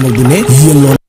Amadou ne yelloo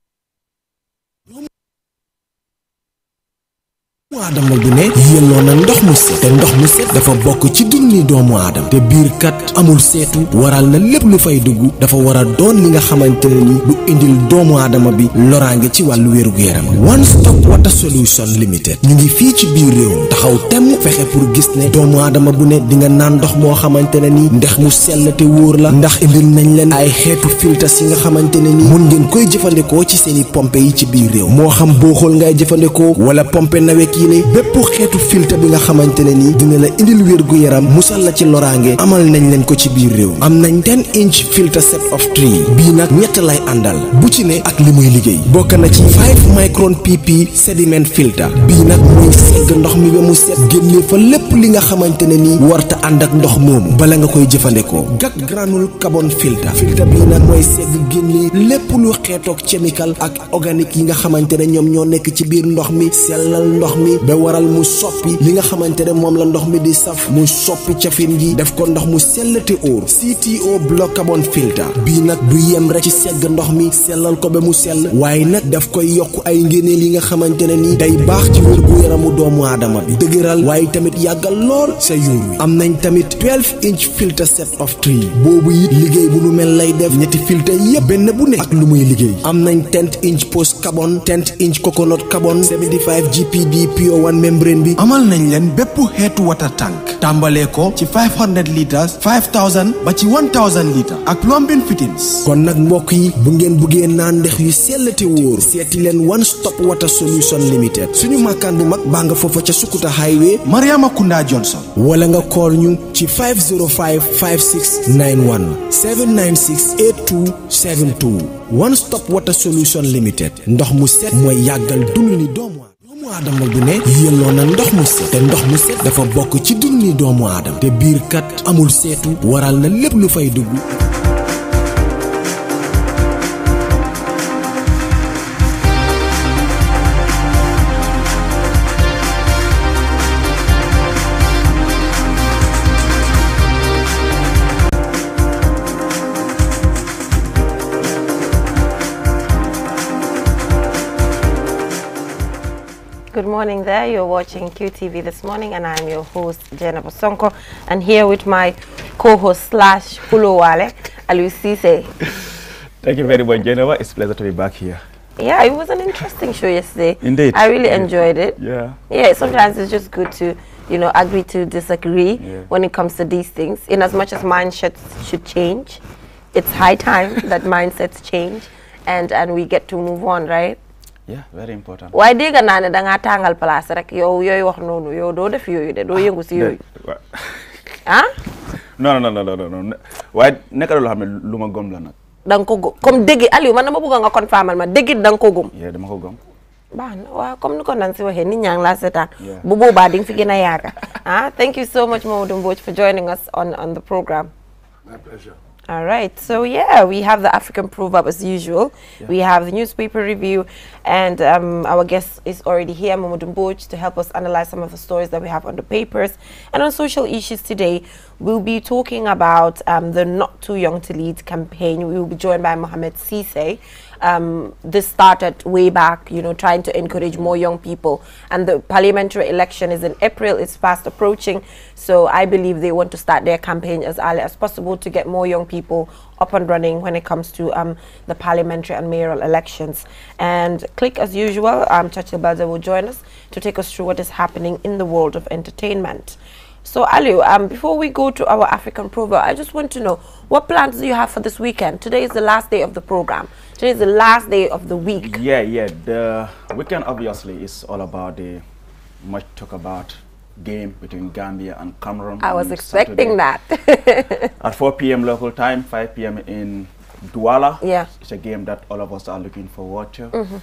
xamal du ne yelloo na ndox mu set te ndox mu set dafa bokk ci dunni doomu aadama te biir kat amul seetu waral na lépp lu fay dugg dafa waral doon li nga xamante ne ni du indil doomu aadama bi loraange ci wàllu wér-gu-yaram One Stop Water Solution Limited ñu ngi fii ci biir réew mi te temm fexe pour gis ne doomu aadama bu ne di nga naan ndox moo xamante ne ni ndax mu sell te wóor la ndax indil nañ leen ay xeetu filtres si nga xamante ne ni mun ngeen koy jëfandikoo ci seen i pompe yi ci biir réew moo bépp xeetu filtre bi nga xamante ne nii dina la indil wér gu yaram musal la ci loraange amal nañ leen ko ci biir réew am nañ 10 inch filtre set of bii nag ñett lay àndal bu ci ne ak li muy liggéey bokk na ci 5 micron pp sediment filtre bii nag mooy segg ndox mi ba mu set génne fa lépp li nga xamante ne nii warta ànd ak ndox moomu bala nga koy jëfandikoo gag granule carbon filtre filtre bii nag mooy segg génne lépp lu xeetoog chemical ak organique yi nga xamante ne ñoom ñoo nekk ci biir ndox mi waral mu li nga xamante ne moom la ndox mi di saf mu soppi cafin def ko ndox mu sell te óor CTO block carbon filter bii nag du yem rek ci segg ndox mi sellal ko ba mu sell waaye nag daf koy yokk ay ngéneel yi nga xamante ne nii day baax doomu aadama bi dëgëral waaye tamit yàggal lool sa am nañ tamit 12 inch filter set of liggéey bu nu mel lay def ñetti filter yëpp benn bu ne ak lu muy liggéey am nañ 10 inch post carbon 10 inch coconut carbon GPD pure membrane bi amal nañ leen bépp xeetu water tànk tàmbalee ko ci 500 litres 5000 ba ci 1000 litres ak plumbing fittings kon nag mbokk yi bu ngeen buggee naan ndex yu sell te wóor seeti leen one stop water solution limited suñu màkkaan bu mag baa nga foofa ca Sukuta highway Mariama Kunda Johnson wala nga kool ñu ci 505 5691 796 8272 one stop water solution limited ndox mu set mooy yàggal dund ni doomu doomu aadama bu ne yelloo na ndox mu set te ndox mu set dafa bokk ci dund doomu aadama te biir kat amul seetu waral na lépp lu fay dugg morning there. You're watching QTV This Morning and I'm your host, Jenna Bosonko. And here with my co-host slash Pulowale, Alusise. Thank you very much, Jenna. It's a pleasure to be back here. Yeah, it was an interesting show yesterday. Indeed. I really enjoyed it. Yeah. Yeah, sometimes it's just good to, you know, agree to disagree yeah. when it comes to these things. In as much as mindsets should change, it's high time that mindsets change and, and we get to move on, right? yeah very important waaye dégg naa ne dangaa tàngal place rek yow yooyu wax noonu yow doo def yooyu de doo ah, yëngu si yooyu ah non non non non waaye nekk na loo xam ne lu ma gom la nag da nga ko gom comme dégg Aliou man dama bëgg nga kon faamal ma déggit da nga ko gom yee dama ko gom baax na waaw comme ni ko nan si waxee nit ñaa ngi laa seetaan bu boobaa di nga fi gën a yaaga ah thank you so much Mamadou Mbodj for joining us on on the program my pleasure All right. So yeah, we have the African proverb as usual. Yeah. We have the newspaper review, and um, our guest is already here, Momodun Boch, to help us analyze some of the stories that we have on the papers and on social issues today. We'll be talking about um, the Not Too Young to Lead campaign. We will be joined by Mohamed Sise um, this started way back, you know, trying to encourage more young people. And the parliamentary election is in April, it's fast approaching. So I believe they want to start their campaign as early as possible to get more young people up and running when it comes to um, the parliamentary and mayoral elections. And click as usual, um, Churchill Belzer will join us to take us through what is happening in the world of entertainment. So, Aliu, um, before we go to our African proverb, I just want to know what plans do you have for this weekend? Today is the last day of the program. Today is the last day of the week. Yeah, yeah. The weekend obviously is all about the much talk about game between Gambia and Cameroon. I was expecting Saturday. that. at 4 p.m. local time, 5 p.m. in Douala. Yeah. It's a game that all of us are looking forward to. Mm -hmm.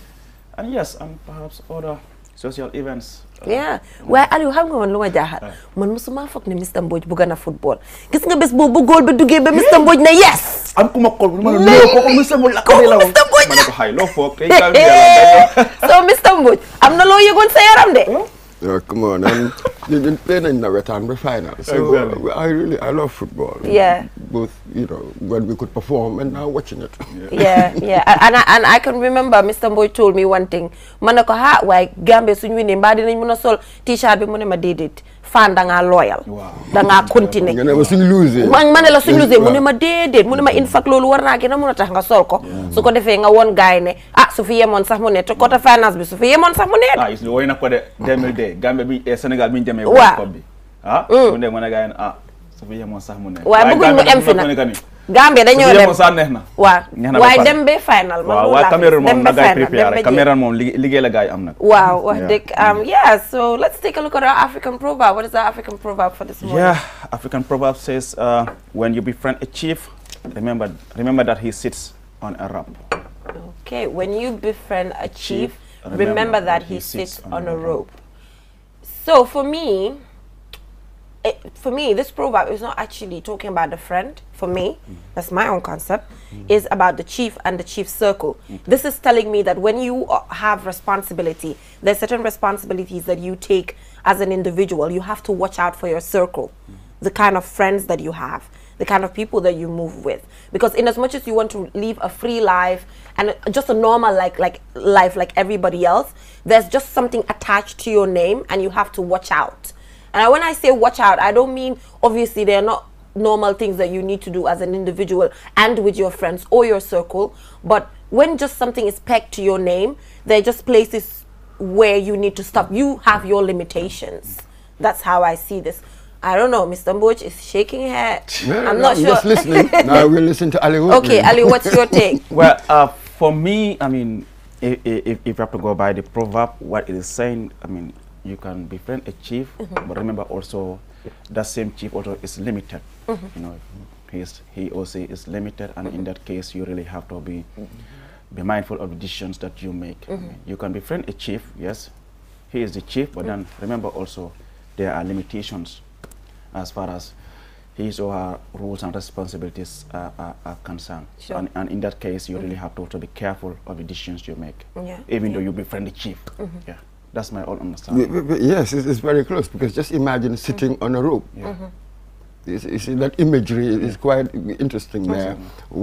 And yes, and perhaps other social events. yeah waaye Aliou xam nga man lu ma jaaxal. Ah. man mosuma foog ne Mr Mbodj bëgg na football. gis nga bés boobu góol ba duggee ba Mr Mbodj na yes. am ku ma ko ma a loo kooku Mr la. kooku Mr Mbodj la ko xay loo foog. tey jàll bi soo Mr Mbodj am na loo yëgoon sa yaram de. Hmm? Yeah, come on. And you've been playing in the Retanbury final. So exactly. I really, I love football. Yeah. Both, you know, when we could perform and now watching it. Yeah, yeah. yeah. And, and, I, and I can remember Mr. Boy told me one thing. Manako ha, why Gambia, so you Munasol t-shirt, be I did it. fan da ngaa loyal. da ngaa continuer. ne ma ma ne la suñ luusee mu ne ma déedéet mu ne ma in fact loolu war naa gën a mun a tax nga sol ko. su ko defee nga woon gars yi ne ah su fi yemoon sax mu ne te côté finance bi su fi yemoon sax mu ne. ah Youssou na ko de 2002 Gambie bi Sénégal bi ñu demee. waaw World Cup bi ah. Mm. mu ah, su fi yemoon sax mu ne. waaye em fi Gambie dañoo dem sa neex na waaw Why dem be final man loolu laa dem ba final Camera, moom liggéey la gars yi am na waaw wax um, yeah so let's take a look at our African proverb what is our African proverb for this morning yeah African proverb says uh, when you befriend a chief remember remember that he sits on a rope okay when you befriend a chief remember, that he sits on a rope so for me it, for me, this proverb is not actually talking about the friend. For me, mm. that's my own concept, mm. is about the chief and the chief circle. This is telling me that when you have responsibility, there's certain responsibilities that you take as an individual. You have to watch out for your circle, mm. the kind of friends that you have, the kind of people that you move with. Because in as much as you want to live a free life and just a normal like like life like everybody else, there's just something attached to your name, and you have to watch out and when I say watch out, I don't mean obviously they're not normal things that you need to do as an individual and with your friends or your circle. But when just something is pegged to your name, they're just places where you need to stop. You have your limitations. That's how I see this. I don't know. Mr. Mboch is shaking head. I'm not I'm sure. Just listening. now we listen to Ali. Okay, Ali, what's your take? well, uh, for me, I mean, if, if, if you have to go by the proverb, what it is saying, I mean, you can befriend a chief, mm -hmm. but remember also that same chief also is limited. Mm -hmm. You know, he's, he also is limited, and in mm-hmm. that case, you really have to be mm-hmm. be mindful of the decisions that you make. I mean, mm-hmm. you can befriend a chief, yes, he is the chief, but then remember also there are limitations as far as his or her rules and responsibilities are, are, are concerned. Sure. And, and, in that case, you mm -hmm. really have to, to be careful of the decisions you make, yeah. even yeah. though you befriend the chief. Mm -hmm. yeah. That's my own understanding. Yes, it's, very close because just imagine sitting mm -hmm. on a rope. Yeah. Mm -hmm. You see, you see, that imagery is quite interesting there.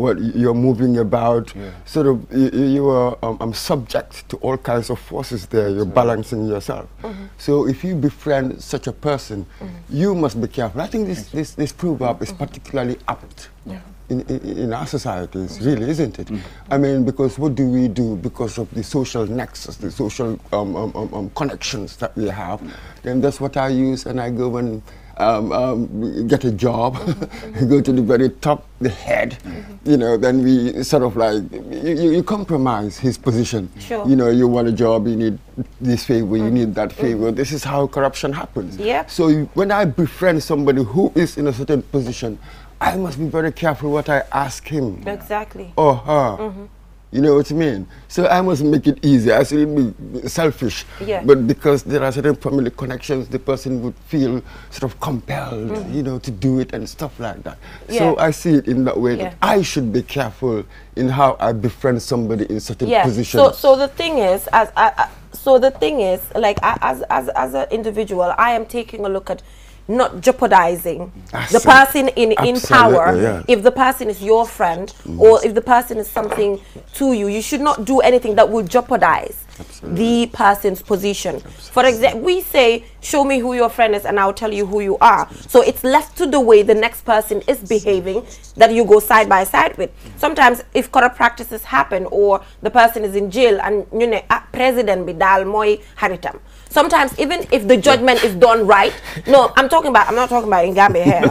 What you're moving about, yeah. sort of you, you are um, I'm um, subject to all kinds of forces there. You're so balancing yourself. Mm -hmm. So if you befriend such a person, mm -hmm. you must be careful. I think this this, this proverb mm-hmm. is particularly apt. Yeah in, in, our societies, really, isn't it? Mm. I mean, because what do we do because of the social nexus, the social um, um, um, um connections that we have? Then that's what I use and I go and um, um, get a job, mm -hmm. go to the very top, the head, mm -hmm. you know, then we sort of like, you, you compromise his position. Sure. You know, you want a job, you need this favor, you need mm-hmm. that favor. Mm-hmm. This is how corruption happens. Yeah. So you, when I befriend somebody who is in a certain position, I must be very careful what I ask him. Exactly. Or her. Mm -hmm. You know what I mean? So I must make it easy. I shouldn't be selfish. Yeah. But because there are certain family connections, the person would feel sort of compelled, mm. you know, to do it and stuff like that. Yeah. So I see it in that way yeah. that I should be careful in how I befriend somebody in certain yeah. positions. So, so the thing is, as I, I so the thing is, like I, as as as an individual, I am taking a look at not jeopardizing the person in in power uh, yeah. if the person is your friend mm. or if the person is something to you you should not do anything that will jeopardize absolutely. the person's position absolutely. for example we say show me who your friend is and i'll tell you who you are so it's left to the way the next person is behaving that you go side by side with sometimes if corrupt practices happen or the person is in jail and you know ah, president bidal moy haritam sometimes even if the judgment is done right. No, I'm talking about. I'm not talking about in Gambia here.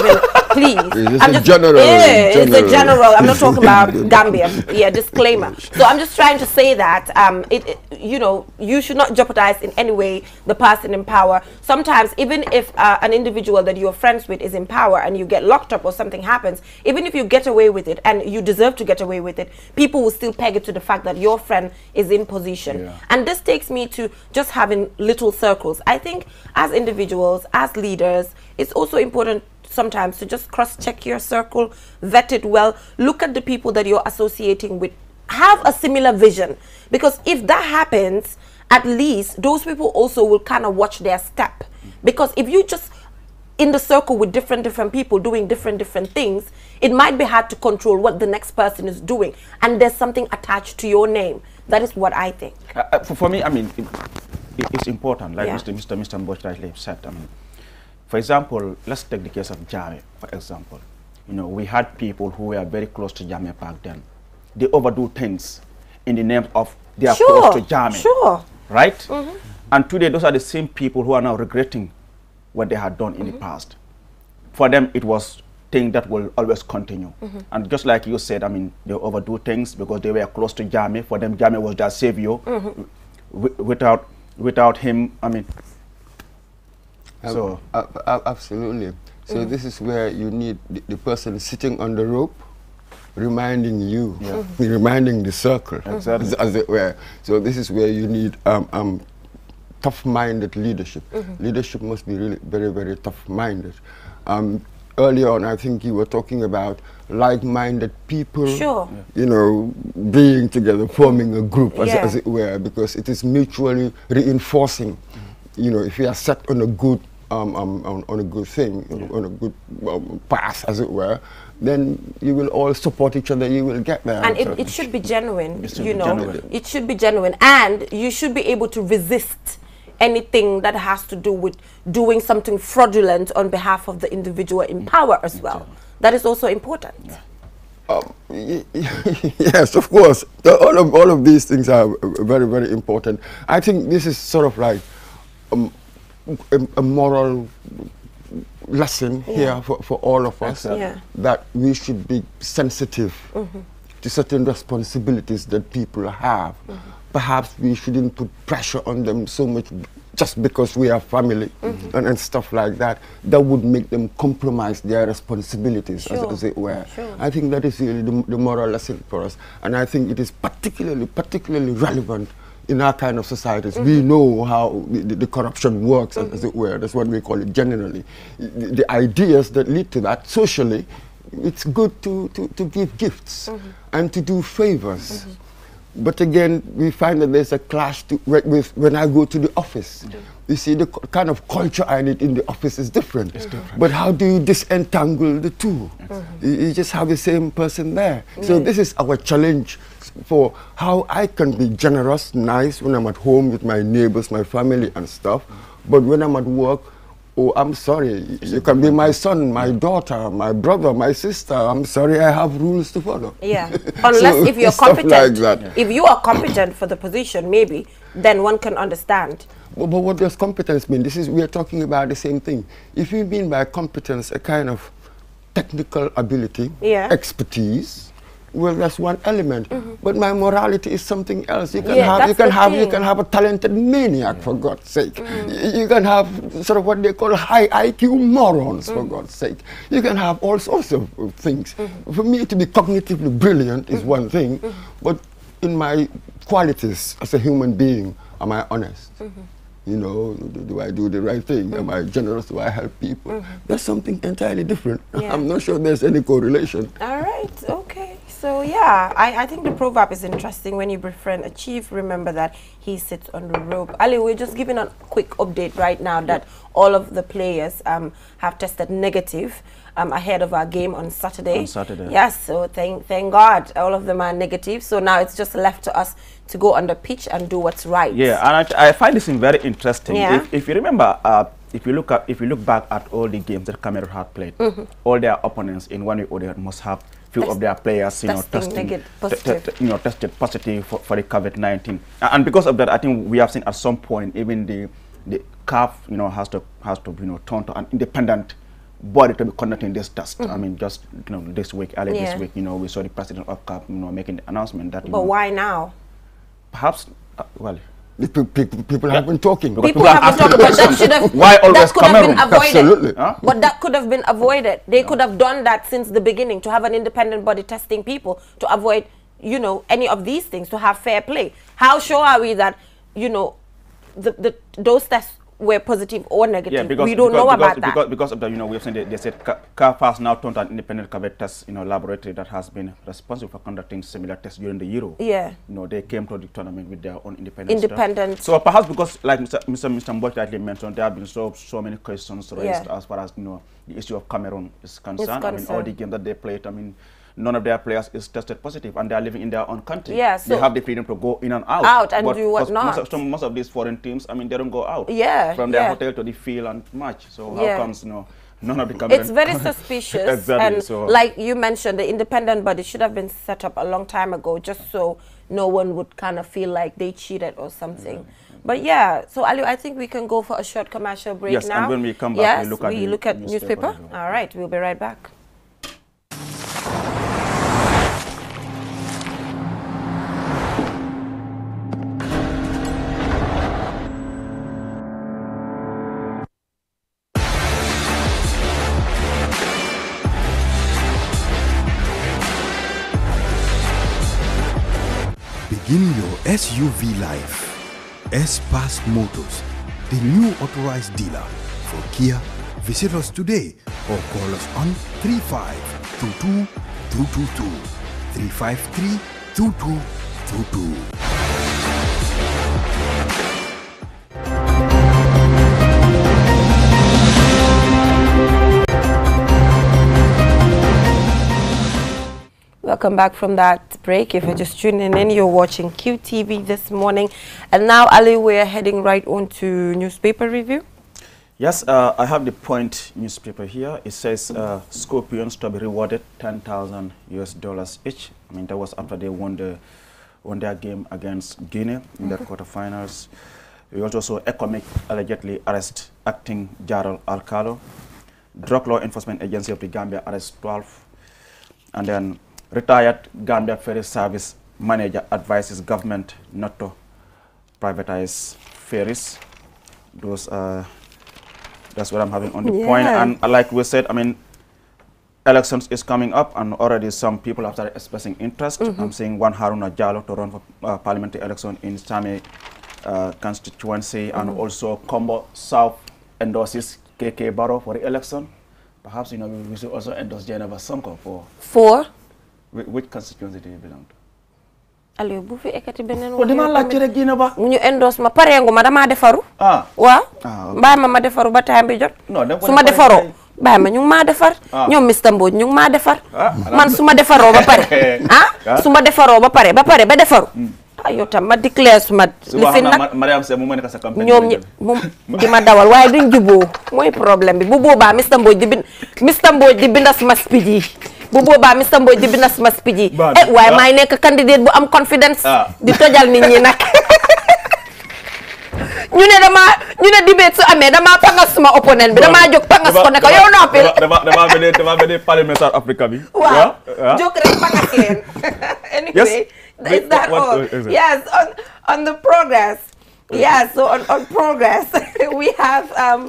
Even, please, it's I'm just general. Yeah, general. it's a general. I'm not talking about Gambia. Yeah, disclaimer. So I'm just trying to say that um, it, it, you know, you should not jeopardize in any way the person in power. Sometimes even if uh, an individual that you're friends with is in power and you get locked up or something happens, even if you get away with it and you deserve to get away with it, people will still peg it to the fact that your friend is in position. Yeah. And this takes me to just having little circles. I think as individuals, as leaders, it's also important sometimes to just cross check your circle, vet it well, look at the people that you're associating with, have a similar vision. Because if that happens, at least those people also will kind of watch their step. Because if you just in the circle with different different people doing different different things it might be hard to control what the next person is doing and there's something attached to your name that is what i think uh, uh for, for me i mean it's important, like yeah. Mr. Mr. Mr. Mboch rightly said. I mean, for example, let's take the case of Jame, for example. You know, we had people who were very close to Jame back then. They overdo things in the name of their sure, close to Jame. Sure. Right? Mm -hmm. And today, those are the same people who are now regretting what they had done in mm -hmm. the mm-hmm. past. For them, it was thing that will always continue. Mm -hmm. And just like you said, I mean, they overdo things because they were close to Jame. For them, Jame was their savior mm-hmm. without without him, I mean. so absolutely. So mm. this is where you need the, the, person sitting on the rope, reminding you, yeah. reminding the circle, exactly. as, as, it were. So this is where you need um, um, tough-minded leadership. Mm -hmm. Leadership must be really very, very tough-minded. Um, earlier on, I think you were talking about like-minded people, sure. Yeah. you know, being together, forming a group, as, yeah. as it were, because it is mutually reinforcing. Mm. You know, if you are set on a good um, um, on, on, a good thing, yeah. on a good um, path, as it were, then you will all support each other, you will get there. And it, it, should be genuine, should you know, genuine. it should be genuine, and you should be able to resist anything that has to do with doing something fraudulent on behalf of the individual in mm. power as well. That is also important. Um, yes, of course. all, of, all of these things are very, very important. I think this is sort of like um, a, a, moral lesson yeah. here for, for all of us uh, yeah. that we should be sensitive mm -hmm. to certain responsibilities that people have. Mm -hmm perhaps we shouldn't put pressure on them so much just because we are family mm -hmm. and, and, stuff like that, that would make them compromise their responsibilities, sure. as, as, it were. Sure. I think that is really the, the, moral lesson for us. And I think it is particularly, particularly relevant in our kind of societies. Mm -hmm. We mm-hmm. know how the, the corruption works, mm -hmm. as, as, mm-hmm. it were. That's what we call it generally. The, the ideas that lead to that socially, it's good to, to, to give gifts mm-hmm. and to do favors but again, we find that there's a clash to, with when I go to the office. You see, the kind of culture I need in the office is different. different. But how do you disentangle the two? Mm-hmm. You, just have the same person there. So this is our challenge for how I can be generous, nice when I'm at home with my neighbors, my family and stuff. But when I'm at work, oh, I'm sorry, you can be my son, my daughter, my brother, my sister. I'm sorry, I have rules to follow. Yeah, unless so if you're competent. Like if you are competent for the position, maybe, then one can understand. But, but, what does competence mean? This is, we are talking about the same thing. If you mean by competence a kind of technical ability, yeah. expertise, well that's one element mm -hmm. but my morality is something else you can yeah, have you can have thing. you can have a talented maniac for god's sake mm -hmm. you can have sort of what they call high iq morons for mm. god's sake you can have all sorts of things mm-hmm. for me to be cognitively brilliant is mm-hmm. one thing mm-hmm. but in my qualities as a human being am i honest you know, do, do, I do the right thing? Mm -hmm. Am I generous? Do I help people? Mm -hmm. That's something entirely different. Yeah. I'm not sure there's any correlation. All right, okay. So yeah, I, I think the proverb is interesting. When you befriend a chief, remember that he sits on the rope. Ali, we're just giving a quick update right now that all of the players um, have tested negative um, ahead of our game on Saturday. On Saturday. Yes, so thank, thank God all of them are negative. So now it's just left to us to go on the pitch and do what's right. Yeah, and I, I find this very interesting. Yeah. If, if you remember, uh, if you look at if you look back at all the games that Cameroon had played, mm -hmm. all their opponents in one way or the other must have few of their players, you know, testing, negative, positive. you know, tested positive for, for the COVID-19. And because of that, I think we have seen at some point even the the CAF, you know, has to has to you know turn to an independent body to be conducting this test. Mm -hmm. I mm-hmm. mean, just you know, this week, early yeah. this week, you know, we saw the president of CAP, you know, making the announcement that. But know, why now? Perhaps, uh, well, the people, have been talking. People, people have been talking, but that should have. Why always that could have been avoided. Absolutely. Huh? But that could have been avoided. They yeah. could have done that since the beginning to have an independent body testing people to avoid, you know, any of these things to have fair play. How sure are we that, you know, the, the those tests were positive or negative. Yeah, because, we don't because, know because, about because, that. Because of that, you know, we've seen they, they said CARPAS now turned an independent COVID test you know, laboratory that has been responsible for conducting similar tests during the Euro. Yeah. You know, they came to the tournament with their own independent Independent. So perhaps because, like Mr. Mr. Mr. had rightly mentioned, there have been so, so many questions raised yeah. as far as, you know, the issue of Cameroon is concerned. concerned. I mean, all the games that they played, I mean, none of their players is tested positive and they are living in their own country. Yeah, so they have the freedom to go in and out. Out and but do what not. Most of, most of these foreign teams, I mean, they don't go out. Yeah. From their yeah. hotel to the field and match. So how yeah. comes, you know, none of the government. It's very suspicious. exactly. And so. like you mentioned, the independent body should have been set up a long time ago just so no one would kind of feel like they cheated or something. But yeah, so Ali, I think we can go for a short commercial break yes, now. Yes, and when we come back, yes, we look at, we the look at newspaper. newspaper. All right, we'll be right back. SUV Life, S-Pass Motors, the new authorized dealer for Kia. Visit us today or call us on 3522 353 2222. Welcome back from that break. If you're just tuning in, you're watching QTV this morning. And now, Ali, we're heading right on to newspaper review. Yes, uh, I have the Point newspaper here. It says uh, Scorpions to be rewarded 10,000 US dollars each. I mean, that was after they won, the, won their game against Guinea in the quarterfinals. We also saw Ecomic allegedly arrest acting Gerald Alcalo. Drug Law Enforcement Agency of the Gambia arrest 12. And then Retired Gambia Ferry Service manager advises government not to privatize ferries. Those uh, that's what I'm having on the yeah. point. And uh, like we said, I mean, elections is coming up, and already some people have started expressing interest. Mm -hmm. I'm seeing one Haruna Jalo to run for uh, parliamentary election in Sami uh, constituency, mm -hmm. and mm-hmm. also Combo South endorses KK Barrow for the election. Perhaps you know we should also endorse Jennifer Sonko for for which constituency do you belong to? Aliou bu fi ekkati beneen. Oh, waaw ba. mu ñu endorse ma pareegu ma damaa defaru. ah waaw. mbaa ah, ma ma defaru ba temps bi jot. non su ma defaroo. bàyyi ma ñu ngi maa defar. Ah. ñoom Mr Mbodj ñu ngi maa defar. Ah, man su ma defaroo ba pare. ah su ma defaroo ba pare ba pare ba defaru. Hmm. aywa tam ma déclare su ma. li fi nag Mariam mu ma nekk sa campagne. ñoom ñi moom di ma dawal waaye duñ juboo mooy problème bi bu boobaa Mr Mbodj di bind Mr Mbodj di bindas ma speed bu boobaa Mr Mbodj di binas mas piji eh waaye maay nekk candidate bu am confidence ah. di tojal nit ñi nag ñu ne damaa ñu ne debate su amee damaa pangas suma opponent bi damaa jóg pangas ko ne yow noppil dama dama mel ni africa bi waaw ah, ah. jóg rek pangas leen anyway is that all yes on the progress yes so on on progress we have um,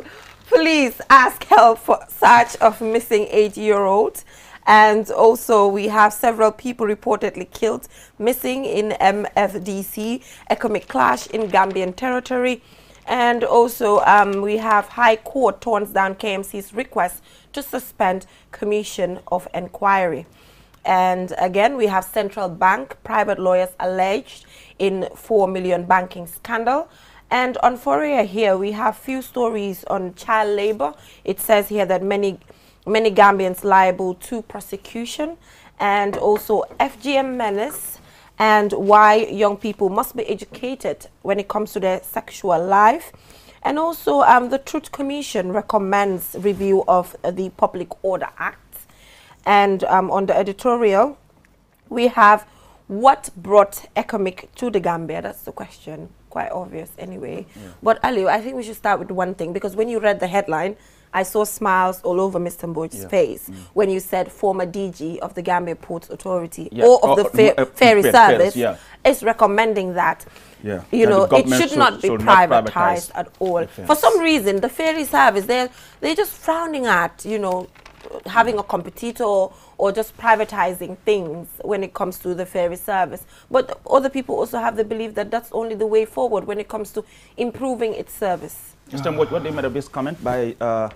ask help for search of missing eight year olds And also, we have several people reportedly killed, missing in MFDC, economic clash in Gambian territory. And also, um, we have High Court turns down KMC's request to suspend Commission of Inquiry. And again, we have central bank private lawyers alleged in 4 million banking scandal. And on Fourier here, we have few stories on child labor. It says here that many many Gambians liable to prosecution and also FGM menace and why young people must be educated when it comes to their sexual life. And also um, the Truth Commission recommends review of the Public Order Act. And um, on the editorial, we have what brought economic to the Gambia? That's the question. Quite obvious anyway. Yeah. But Ali, I think we should start with one thing because when you read the headline, I saw smiles all over Mr. Mboji's yeah. face mm. when you said former DG of the Gambia Ports Authority yeah. or of oh, the uh, fer uh, ferry service yeah. is recommending that. Yeah. You know, it should not be privatized, not at all. For some reason, the ferry service, they're, they're just frowning at, you know, having a competitor or, just privatizing things when it comes to the ferry service. But other people also have the belief that that's only the way forward when it comes to improving its service. Mr. what, what do you make of this comment by uh,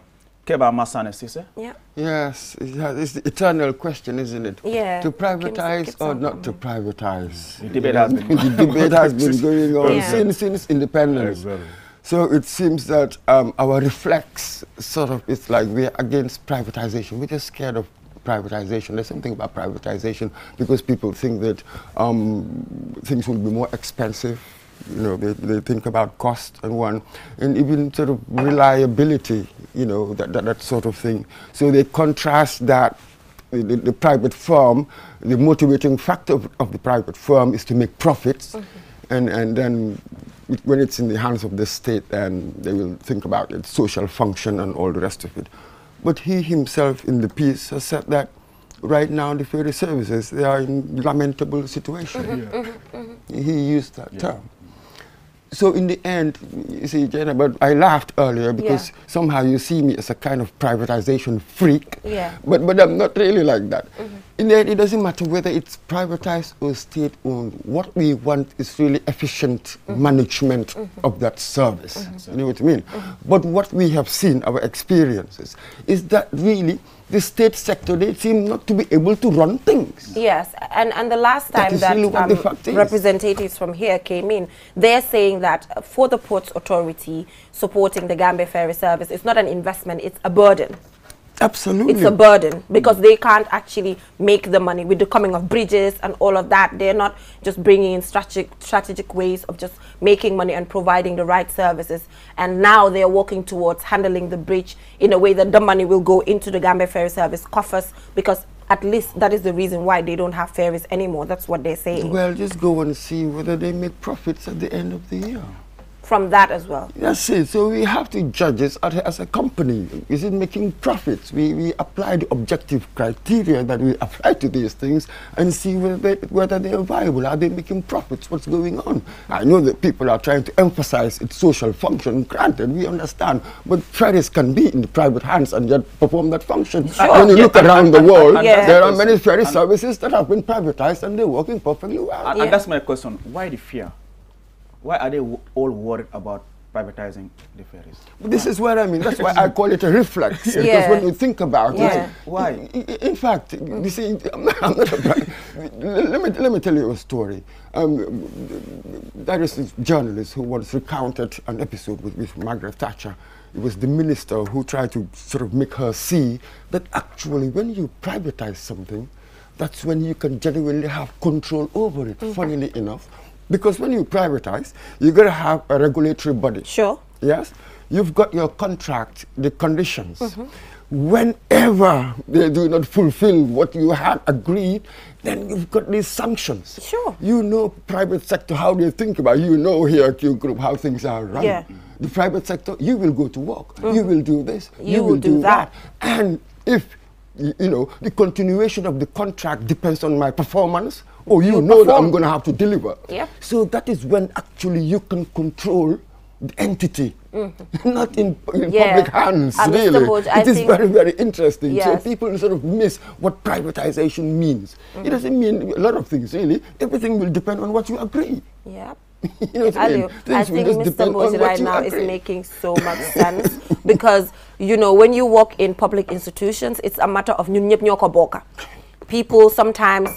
Keba Masane sir? Yeah. Yes, it's the eternal question, isn't it? Yeah. To privatize or not to privatize? The debate has been, the debate has been going on yeah. since, since independence. So it seems that um, our reflex sort of it's like we're against privatization. We're just scared of privatization. There's something about privatization because people think that um, things will be more expensive you know, they, they think about cost and one, and even sort of reliability, you know, that, that, that sort of thing. So they contrast that the, the, private firm, the motivating factor of, of, the private firm is to make profits, mm-hmm. and, and then it, when it's in the hands of the state, then they will think about its social function and all the rest of it. But he himself in the piece has said that right now the ferry services, they are in lamentable situation. Mm -hmm, yeah. mm -hmm. Mm-hmm. He used that yeah. term so in the end, you see, Jenna, but I laughed earlier because yeah. somehow you see me as a kind of privatization freak. Yeah. But but I'm not really like that. Mm -hmm. In the end, it doesn't matter whether it's privatized or state owned. What we want is really efficient mm -hmm. management mm -hmm. of that service. Mm -hmm. You know what I mean? Mm-hmm. But what we have seen, our experiences, is that really the state sector, they seem not to be able to run things. Yes, and, and the last time that, that really um, representatives from here came in, they're saying that for the Ports Authority supporting the Gambia Ferry Service, it's not an investment, it's a burden. Absolutely. It's a burden because they can't actually make the money with the coming of bridges and all of that. They're not just bringing in strategic, strategic ways of just making money and providing the right services. And now they're working towards handling the bridge in a way that the money will go into the Gambia Ferry Service coffers because at least that is the reason why they don't have ferries anymore. That's what they're saying. Well, just go and see whether they make profits at the end of the year from that as well. Yes, see, so we have to judge this as a company. Is it making profits? We, we apply the objective criteria that we apply to these things and see whether, whether they are viable. Are they making profits? What's going on? I know that people are trying to emphasize its social function. Granted, we understand, but ferries can be in the private hands and yet perform that function. Sure. When you yeah, look around the world, yeah. there are many ferry services that have been privatized and they're working perfectly well. And, yeah. and that's my question. Why the fear? why are they all worried about privatizing the ferries? This is where I mean. That's why I call it a reflex. yeah. Because when you think about yeah. it, why? In fact, you see, I'm not, a. let me let me tell you a story. Um, there is a journalist who once recounted an episode with, with Margaret Thatcher. It was the minister who tried to sort of make her see that actually, when you privatize something, that's when you can genuinely have control over it. Mm -hmm. Funnily enough, because when you privatize, you're going to have a regulatory body. Sure. Yes? You've got your contract, the conditions. Mm -hmm. Whenever they do not fulfill what you had agreed, then you've got these sanctions. Sure. You know private sector, how they think about it. You know here at Q Group how things are run. Yeah. The private sector, you will go to work. Mm -hmm. You mm-hmm. will do this. You, you will do, do that. that. And if, you know, the continuation of the contract depends on my performance, oh, you, you know perform. that I'm going to have to deliver. Yeah. So that is when actually you can control the entity, mm not in, in yeah. public hands, ah, really. it is very, very interesting. Yes. So people sort of miss what privatization means. Mm -hmm. It mm-hmm. doesn't mean a lot of things, really. Everything will depend on what you agree. Yep. you know I, mean? I think Mr. Bosi right now agree. is making so much sense because, you know, when you work in public institutions, it's a matter of nyoko boka. people sometimes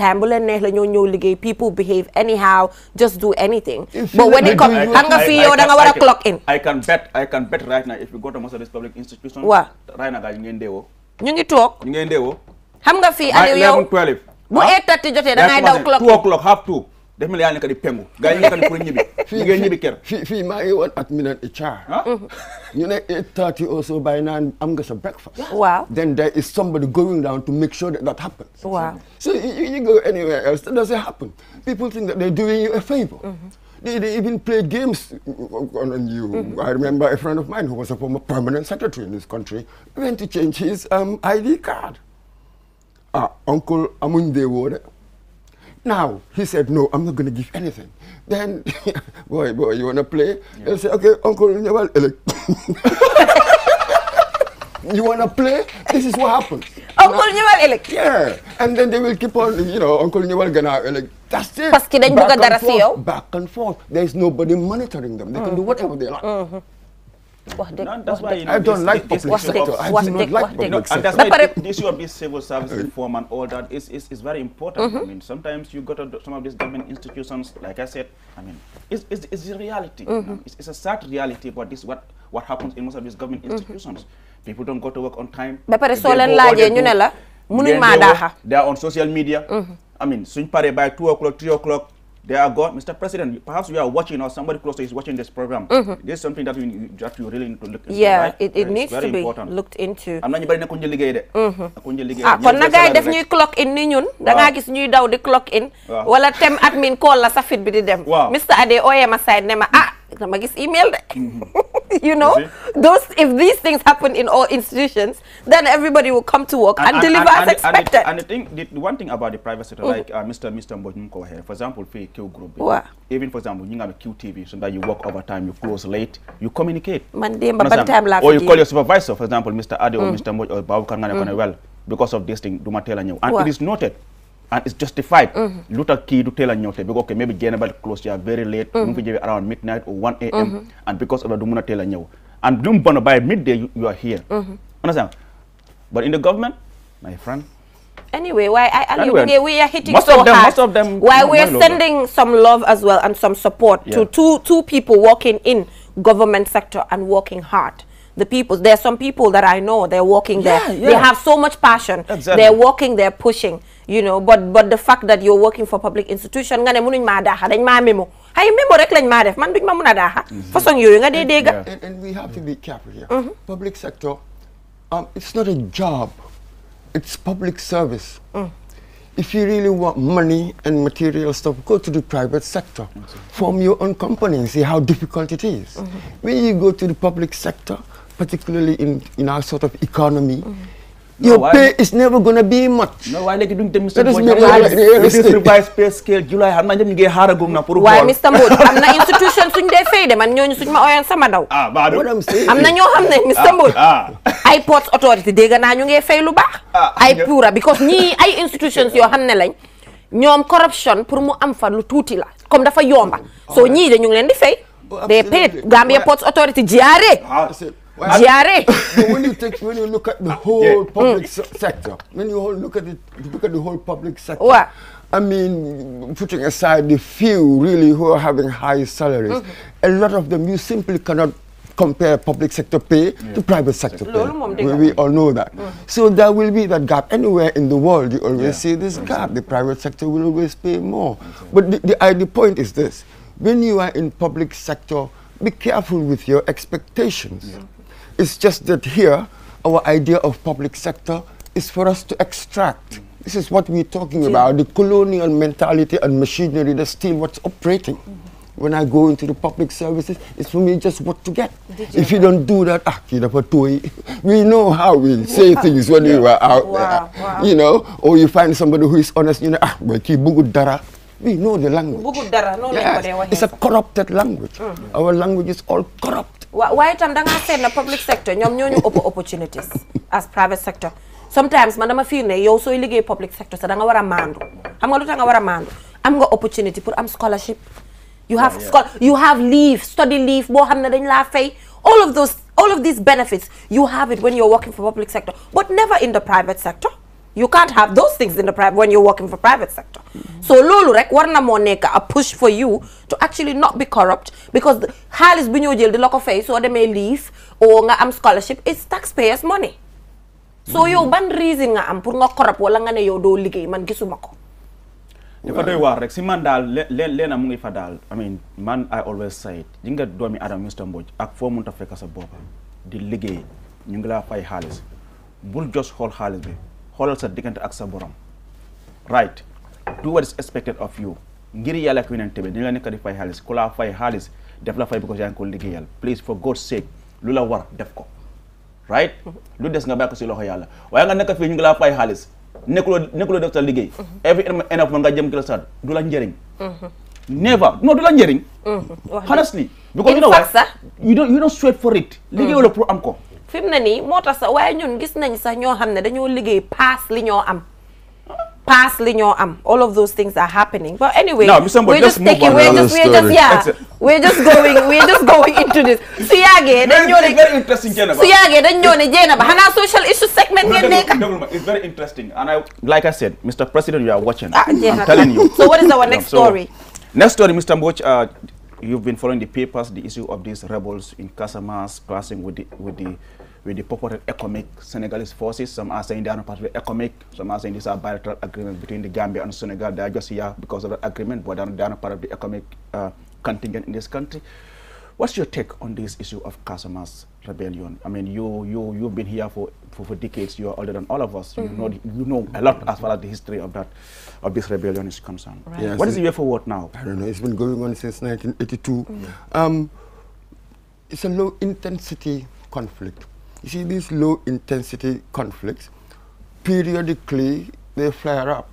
time bu leen neex la ñoo ñëw liggéey people behave anyhow just do anything. but when it comes xam nga fii yow da nga a clock in. I can bet I can bet right now if you go to most of these public institutions. waaw right now ñu ñu ngi toog ñu ngeen deewoo. nga fii Aliou yow bu 8:30 ah. jotee da ngay daw clock o'clock def mel yaa nekk di pengu gars yi nekk di pour ñibbi fii ngeen ñibbi a fii fii maa ah. mm-hmm. ne eight thirty also by nine am nga sa breakfast then there is somebody going down to make sure that happens so you, you go anywhere else that doesn't happen people think that they're doing you a favor mm-hmm. They, even played games mm-hmm. I remember a friend of mine who was a former permanent secretary in this country went to change his um, ID card. Ah, Uncle Amundewo Now, he said, no, I'm not going to give anything. Then, boy, boy, you want to play? Yeah. say, okay, Uncle you want to play? This is what happens. Uncle Nyawal, elect. Yeah. And then they will keep on, you know, Uncle Nyawal gonna That's it. Paski dañ bëgg Back and forth. There is nobody monitoring them. They mm. can do whatever they like. Mm -hmm. wax dëgg ba pare this your this civil service reform mm-hmm. all that is very important mm-hmm. sometimes you go to some of these government institutions like I said I mean it's a reality mm-hmm. it's a sad reality but this what happens in most of these government institutions people don't go to work on time ba pare soo leen laajee ne la munuñ maa daaxa they are on social media I mean suñ paree by two o'clock three o'clock They are gone. Mr. President, perhaps you are watching or somebody close to you watching this program. Mm-hmm. This is something that, you really need to look into. Yeah, right? it, to be mm-hmm. ah, in ni ñun. da ngaa gis ñuy daw di clock in. wala tem admin call la sa fit bi side ne ah, dama gis email de. Mm-hmm. you know those if these things happen in all institutions then everybody will come to work and, and, and deliver and, as expected. and the thing the one thing about the private sector mm. like uh, Mr Mr Mbodj mu ngi ko waxee for example fii Q group bi. waaw even for example ñu ngi am QTV so that you work overtime you close late you communicate. man démb ban time laa fi or you call your supervisor for example Mr Ade or Mr mm. Mbodj or Baboucarr nga ne ko mm. ne well because of this thing du ma teel a ñëw. and it is noted. and it's justified. Mm-hmm. Luta key kii tell a ñëw because okay maybe Jainaba close are very late. mu ngi fi around midnight or 1 a.m. Mm-hmm. and because of that du mun a teel and du by midday you are here. Mm-hmm. understand but in the government my friend. Anyway, why I, anyway, we are hitting most so of them, hard. Most of them, why we are sending some love as well and some support yeah. to two two people working in government sector and working hard the people, there's some people that I know, they're working yeah, there. Yeah. They have so much passion. Exactly. They're working, they're pushing, you know, but but the fact that you're working for public institution, nga ne munuñ ma daha, dañ ma memo. Hay memo rek lañ ma def, man duñ ma muna daha. Mm-hmm. Façon yoyu nga And we have to be careful here. Mm -hmm. Public sector um, it's not a job. It's public service. Mm. If you really want money and material stuff, go to the private sector. Form your own company and see how difficult it is. Mm -hmm. When you go to the public sector, particularly in, in our sort of economy, mm-hmm. no, your why? pay is never going to be much. No, why like doing the Mr. Mr. revised waaye Mr. Mbodj am na institution suñ dee fay de man ñooñu suñ ma oyoon sama daw. ah ba am na ñoo xam ne ah, Mr. Mbodj. ay ah. ports authority dégg naa ñu ngi fay lu baax. Ah, ay pura because ñii ay institutions yoo xam ne lañ. ñoom corruption pour mu am fa lu tuuti la comme dafa yomba. so ñii de ñu ngi leen di fay. des oh, pay Gambia Ports Authority GRA. Well, when you take, when you look at the whole yeah. public mm. sector, when you look at look at the whole public sector. What? I mean, putting aside the few really who are having high salaries, a lot of them you simply cannot compare public sector pay yeah. to private sector pay. We, we, all know that. Mm So there will be that gap. Anywhere in the world, you always yeah. see this gap. The private sector will always pay more. Okay. But the, the, the point is this. When you are in public sector, be careful with your expectations. Yeah. It's just that here, our idea of public sector is for us to extract. This is what we're talking yeah. about, the colonial mentality and machinery that's still what's operating. Mm -hmm. When I go into the public services, it's for me just what to get. if you, don't do that, ah, we know how we say things when yeah. we are out wow. there. Wow. You know, or you find somebody who is honest, you know, ah, dara. We know the language. Yes, it's a corrupted language. Mm Our language is all corrupt. Why tam say in the public sector ñom ñoñu opo opportunities as private sector. Sometimes man dama feel ne yow soy liggéey public sector sa danga wara mandu. Xam nga lu tax nga wara mandu? Am nga opportunity pour am scholarship. You have yeah, yeah. you have leave, study leave boo xam ne dañ laa fay. All of those all of these benefits you have it when you're working for public sector but never in the private sector. you can't have those things in the private when you're working for private sector mm-hmm. so loolu rek war na moo nekk a push for you to actually not be corrupt because xaalis bu ñoo jël di la ko fay soo demee leave oo nga am scholarship it's taxpayers money so mm-hmm. yow ban reason nga am pour nga corrupt wala nga ne yow doo liggéey man gisuma ko dafa doy waar rek si man daal leen leena mu ngi fa daal I mean man I always say it di nga doomi Adam Mr Mbodj ak foo mun ta fekk sa bopp di liggéey ñu ngi laa fay xaalis bul jos xool xaalis bi xoolal sa diggante ak sa borom right do what is expected of you ngir yàlla ak yonent bi ni la nekk di fay xaalis ku laa fay xaalis def la fay because yaa ngi ko liggéeyal please for God's sake lu la war def ko right lu des nga bàyyi ko si loxo yàlla waaye nga nekk fii ñu ngi laa fay xaalis nekkuloo nekkuloo def sa liggéey mm-hmm. every enough man nga jëm kila sa du la njëriñ mm-hmm. never non du la njëriñ mm-hmm. honestly you don't you for it liggéeyoo la pour am ko fi mu ne nii moo tax sax waaye ñun gis nañ sax ñoo xam ne liggéey pass li ñoo am. pass li ñoo am all of those things are happening but anyway. no Miss Sambo just move on we're just we're just yeah we're just going we're just going into this. su yàggee dañ ñoo ne very interesting Jenaba su yàggee dañ ñoo ne Jenaba xanaa social issue segment ngeen nekk. it's very interesting and I like I said Mr. President you are watching. ah I'm telling you. so what is our next story. next story Mr. Mbodj. Uh, you've been following the papers the issue of these rebels in Casamas clashing with the with the with the purported economic Senegalese forces. Some are saying they are not part of the economic. Some are saying these are bilateral agreements between the Gambia and Senegal. They are just here because of the agreement, but they are not part of the economic uh, contingent in this country. What's your take on this issue of Kasama's rebellion? I mean, you you you've been here for for, for decades. You are older than all of us. Mm -hmm. You know mm-hmm. you know a lot as far as the history of that of this rebellion is concerned. Right. Yes, what is the way forward now? I don't know. It's been going on since 1982. Mm -hmm. um, it's a low intensity conflict you see these low intensity conflicts, periodically they flare up.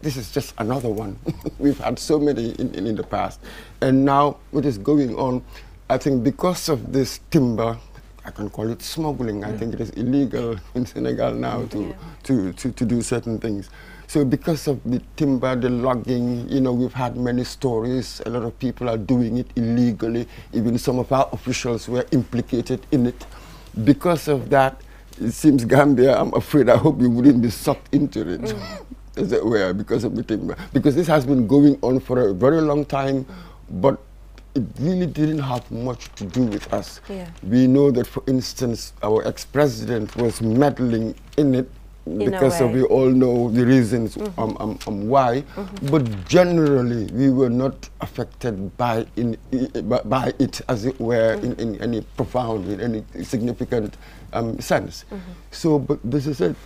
This is just another one. We've had so many in, in, in, the past. And now what is going on, I think because of this timber, I can call it smuggling. Yeah. I think it is illegal in Senegal now to, yeah. to, to, to do certain things. So because of the timber, the logging, you know, we've had many stories. A lot of people are doing it illegally. Even some of our officials were implicated in it because of that, it seems Gambia, I'm afraid, I hope you wouldn't be sucked into it. Mm. As it were, because of the because this has been going on for a very long time, but it really didn't have much to do with us. Yeah. We know that, for instance, our ex-president was meddling in it because we all know the reasons mm -hmm. um, um, um, why, mm -hmm. but generally we were not affected by in by it as it were mm -hmm. in, in any profound, in any significant um, sense. Mm-hmm. So, but this is it.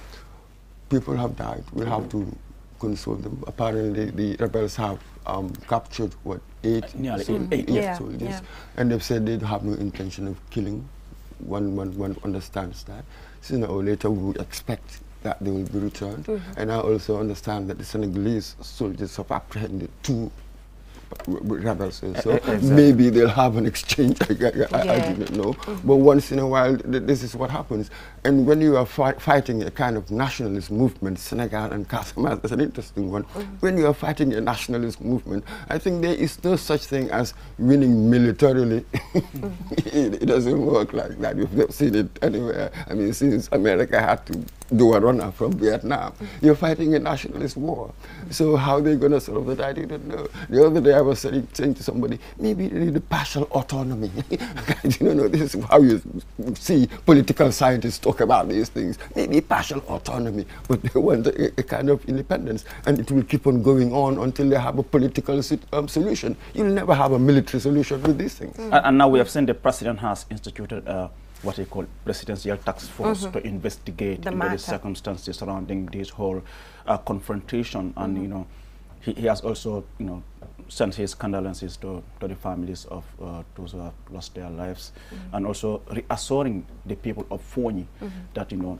People have died. We'll have to console them. Apparently, the rebels have um, captured what eight, uh, so eight. Yeah. soldiers, yeah. and they've said they have no intention of killing. One, one, one understands that sooner or later we would expect that they will be returned. Mm -hmm. And I also understand that the Senegalese soldiers have apprehended two rebels and so maybe they'll have an exchange I, I, yeah. I didn't know mm -hmm. but once in a while th this is what happens and when you are fi fighting a kind of nationalist movement Senegal and Casamance is an interesting one mm -hmm. when you are fighting a nationalist movement I think there is no such thing as winning militarily mm -hmm. it, it doesn't work like that you've never seen it anywhere I mean since America had to do a runner from Vietnam. You're fighting a nationalist war. So how are they going to solve it? I didn't know. The other day I was saying, saying to somebody, maybe they need a partial autonomy. you know, no, this is how you see political scientists talk about these things. Maybe partial autonomy, but they want a, a kind of independence. And it will keep on going on until they have a political um, solution. You'll never have a military solution with these things. Mm. And, and now we have seen the president has instituted uh, what they call presidential task force mm -hmm. to investigate the, the circumstances surrounding this whole uh, confrontation. And, mm -hmm. you know, he, he, has also, you know, sent his condolences to, to the families of uh, those who have lost their lives mm -hmm. and also reassuring the people of Foni mm-hmm. that, you know,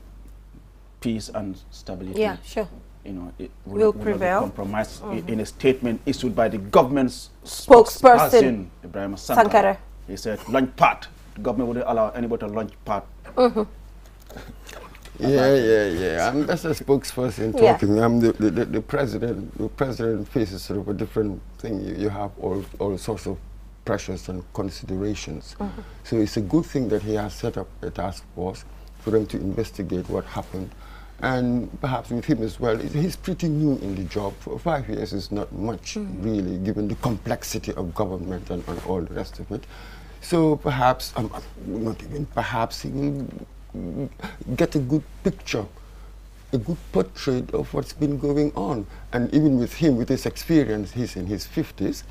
peace and stability yeah, sure you know, it will, will prevail. compromise mm -hmm. in a statement issued by the government's spokesperson, spokesperson Ibrahim Sankara. Sankara. He said, launch part." government wouldn't allow anybody to launch part. Mm-hmm. yeah, yeah, yeah. I'm just a spokesperson talking. Yeah. I'm the, the, the, president. The president faces sort of a different thing. You, you have all, all sorts of pressures and considerations. Mm -hmm. So it's a good thing that he has set up a task force for them to investigate what happened. And perhaps with him as well, he's pretty new in the job. For five years is not much, mm -hmm. really, given the complexity of government and, and all the rest of it. So perhaps, um, um, not even, perhaps he will get a good picture, a good portrait of what's been going on. And even with him, with his experience, he's in his 50s,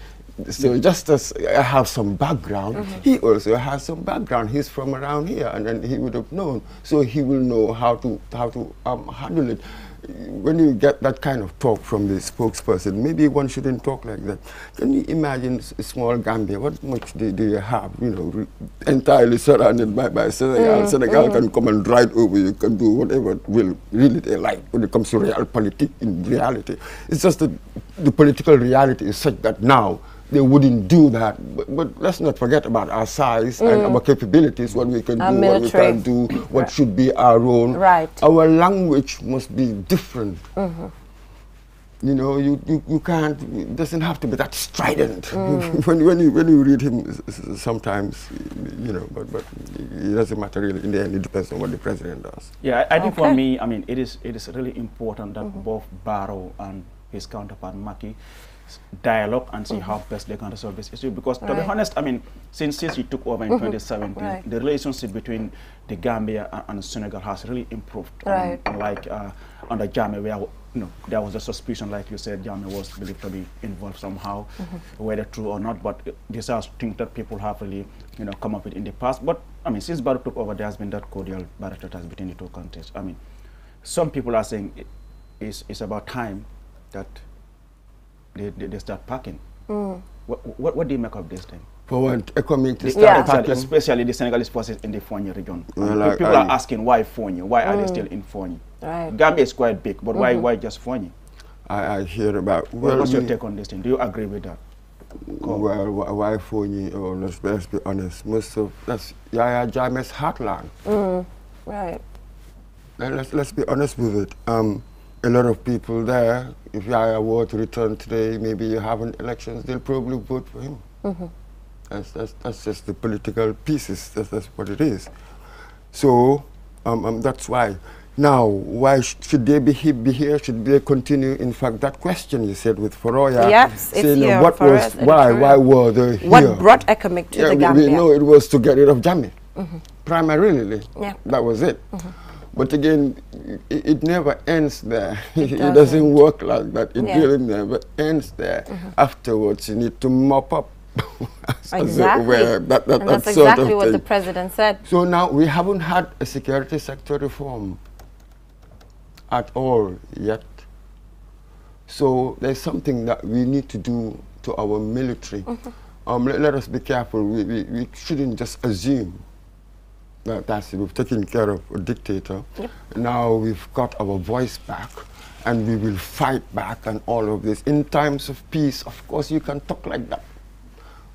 so just as I have some background, mm -hmm. he also has some background. He's from around here, and he would have known. So he will know how to how to um, handle it when you get that kind of talk from the spokesperson, maybe one shouldn't talk like that. Can you imagine small Gambia? What much do, do you have, you know, entirely surrounded by, by Senegal? Mm, Senegal mm. can come and ride over you, can do whatever will really they like when it comes to real politics in reality. It's just that the political reality is such that now they wouldn't do that. But, but, let's not forget about our size mm. and our capabilities, what we can our do, military. what we can do, what right. should be our own. Right. Our language must be different. Mm -hmm. You know, you, you, you can't, it doesn't have to be that strident. Mm. when, when, you, when you read him sometimes, you know, but, but it doesn't matter really. In the end, it depends on what the president does. Yeah, I, I think for me, I mean, it is, it is really important that -hmm. both Barrow and his counterpart, Maki, dialogue and see mm -hmm. how best they can resolve this issue. Because right. to be honest, I mean, since since you took over in mm-hmm. 2017, right. the relationship between the Gambia and, and Senegal has really improved. Um, right. Um, like uh, under Jammeh, where you know, there was a suspicion, like you said, Jammeh was believed to be involved somehow, mm -hmm. whether true or not. But uh, these are things that people have really, you know, come up with in the past. But I mean, since Barrow took over, there has been that cordial barrister between the two countries. I mean, some people are saying it, it's, it's about time that they, they, they start packing. Mm. What, what, what do you make of this thing? For one, economic to start yeah. Especially the Senegalese forces in the Fonyi region. Well, like People I, are asking why Fonyi? Why mm. are they mm. still in Fonyi? Right. Gambia is quite big, but mm -hmm. why, mm-hmm. why just Fonyi? I, I hear about... Well, What's your take on this thing? Do you agree with that? Well, why Fonyi? Oh, let's, let's be honest. Most of... That's Yaya Jame's heartland. Mm. Right. Let, us let's be honest with it. Um, a lot of people there, if Yaya were to return today, maybe you have an elections, they'll probably vote for him. Mm -hmm. that's, that's, that's, just the political pieces, that's, that's what it is. So um, um, that's why. Now, why sh should they be, he be, here? Should they continue? In fact, that question you said with Faroya, Yes, saying here, what was why why were they here? What brought Ekamik to yeah, the Gambia? We, we know it was to get rid of Jami, mm -hmm. primarily. Yeah. That was it. Mm -hmm. But again, it, it never ends there. It, doesn't. doesn't. work like that. It yeah. really never ends there. Mm -hmm. Afterwards, you need to mop up. exactly. That, that, that that's exactly what the president said. So now we haven't had a security sector reform at all yet. So there's something that we need to do to our military. Mm -hmm. um, let, let, us be careful. We, we, we shouldn't just assume uh, that's we've taken care of a dictator. Yep. Now we've got our voice back and we will fight back and all of this. In times of peace, of course, you can talk like that.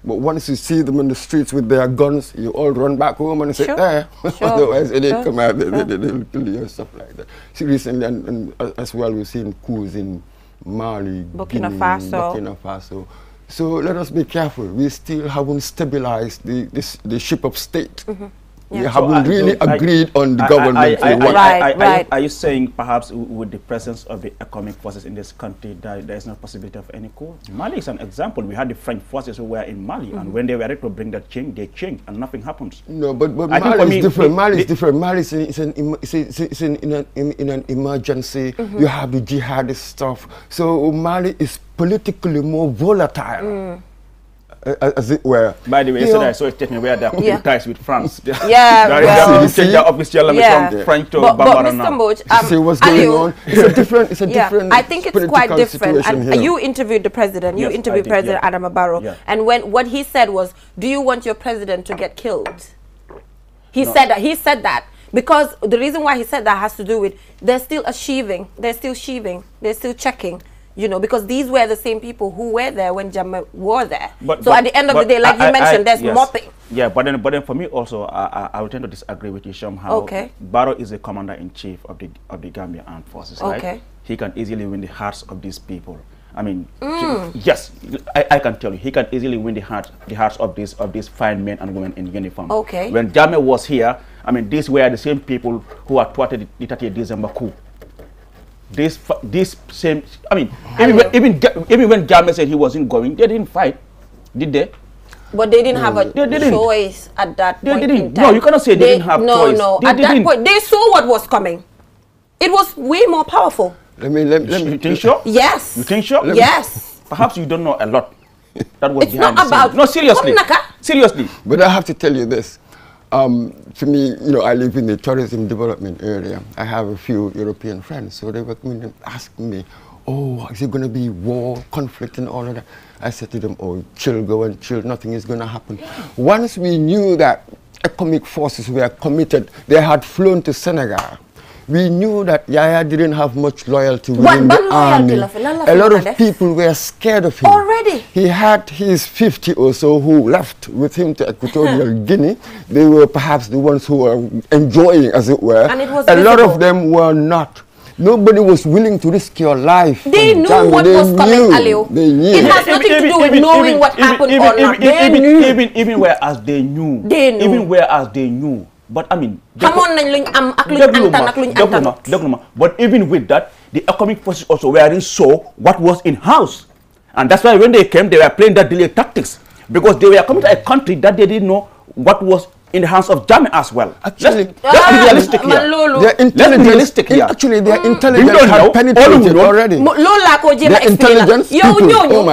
But once you see them in the streets with their guns, you all run back home and say, sure. eh. Sure. Otherwise, they sure. come out, they, sure. they, will kill you and stuff like that. See, recently, and, and as well, we've seen coups in Mali, Burkina Faso. Burkina Faso. So let us be careful. We still haven't stabilized the, this, the ship of state. Mm -hmm. Yeah. We so haven't really so agreed I, on the I, government. I, right, right. Are you saying perhaps with the presence of the economic forces in this country that there is no possibility of any coup? Mali is an example. We had the French forces who were in Mali, mm -hmm. and mm-hmm. when they were ready to bring that change, they changed, and nothing happens. No, but, but Mali, is me, different. Mali is different. Mali is different. Mali is in, an, in, in an emergency. Mm -hmm. You have the jihadist stuff. So Mali is politically more volatile. Mm. Uh, as it were. By the way, yesterday I saw a statement where they're cutting yeah. ties with France. Yeah, well, they changed their official yeah. from French to but, Bambara Mr. Moch, um, see what's going you, on. It's a different. It's a yeah, different. I think it's quite different. And you interviewed the president. You yes, interviewed did, President yeah. Adam Abaro, yeah. and when what he said was, "Do you want your president to get killed?" He no. said that. He said that because the reason why he said that has to do with they're still achieving, they're still achieving, they're still checking you know, because these were the same people who were there when Jammeh were there. But, so but, at the end of the day, like I, you mentioned, I, there's yes. mopping. Yeah, but then, but then for me also, I, I, would tend to disagree with you somehow. Okay. Barrow is the commander in chief of the of the Gambia Armed Forces. Okay. Right? He can easily win the hearts of these people. I mean, mm. he, yes, I, I can tell you, he can easily win the heart the hearts of these of these fine men and women in uniform. Okay. When Jammeh was here, I mean, these were the same people who had thwarted the 30th December coup this this same. I mean, even even even when Jammeh said he wasn't going, they didn't fight, did they? But they didn't no. have a they didn't. choice at that they point. Didn't. No, you cannot say they, they didn't have no, choice. No, no. At didn't. that point, they saw what was coming. It was way more powerful. Let me let me. Let me you think sure? Yes. You think sure? Let yes. Me. Perhaps you don't know a lot. That was it's behind not the about. Scene. No, seriously. Seriously. But I have to tell you this. Um, to me, you know, I live in the tourism development area. I have a few European friends, so they were coming and asking me, oh, is it going to be war, conflict, and all of that? I said to them, oh, chill, go and chill, nothing is going to happen. Once we knew that economic forces were committed, they had flown to Senegal we knew that Yaya didn't have much loyalty within what, the army. A lot of people were scared of him. Already? He had his 50 or so who left with him to Equatorial Guinea. They were perhaps the ones who were enjoying, as it were. And it was A visible. lot of them were not. Nobody was willing to risk your life. They knew Jambi. what they was coming, Aleo. They knew. It has nothing even, to do with knowing what happened or not. Even, they knew. Even, even whereas they knew. They knew. Even whereas they knew but I mean, but even with that, the economic forces also weren't so what was in house. And that's why when they came, they were playing that delay tactics because they were coming to a country that they didn't know what was in the hands of Jammeh as well. Actually, let's, ah, let's be realistic here. They're intelligent. realistic here. Actually, they're mm. a yow ñooñu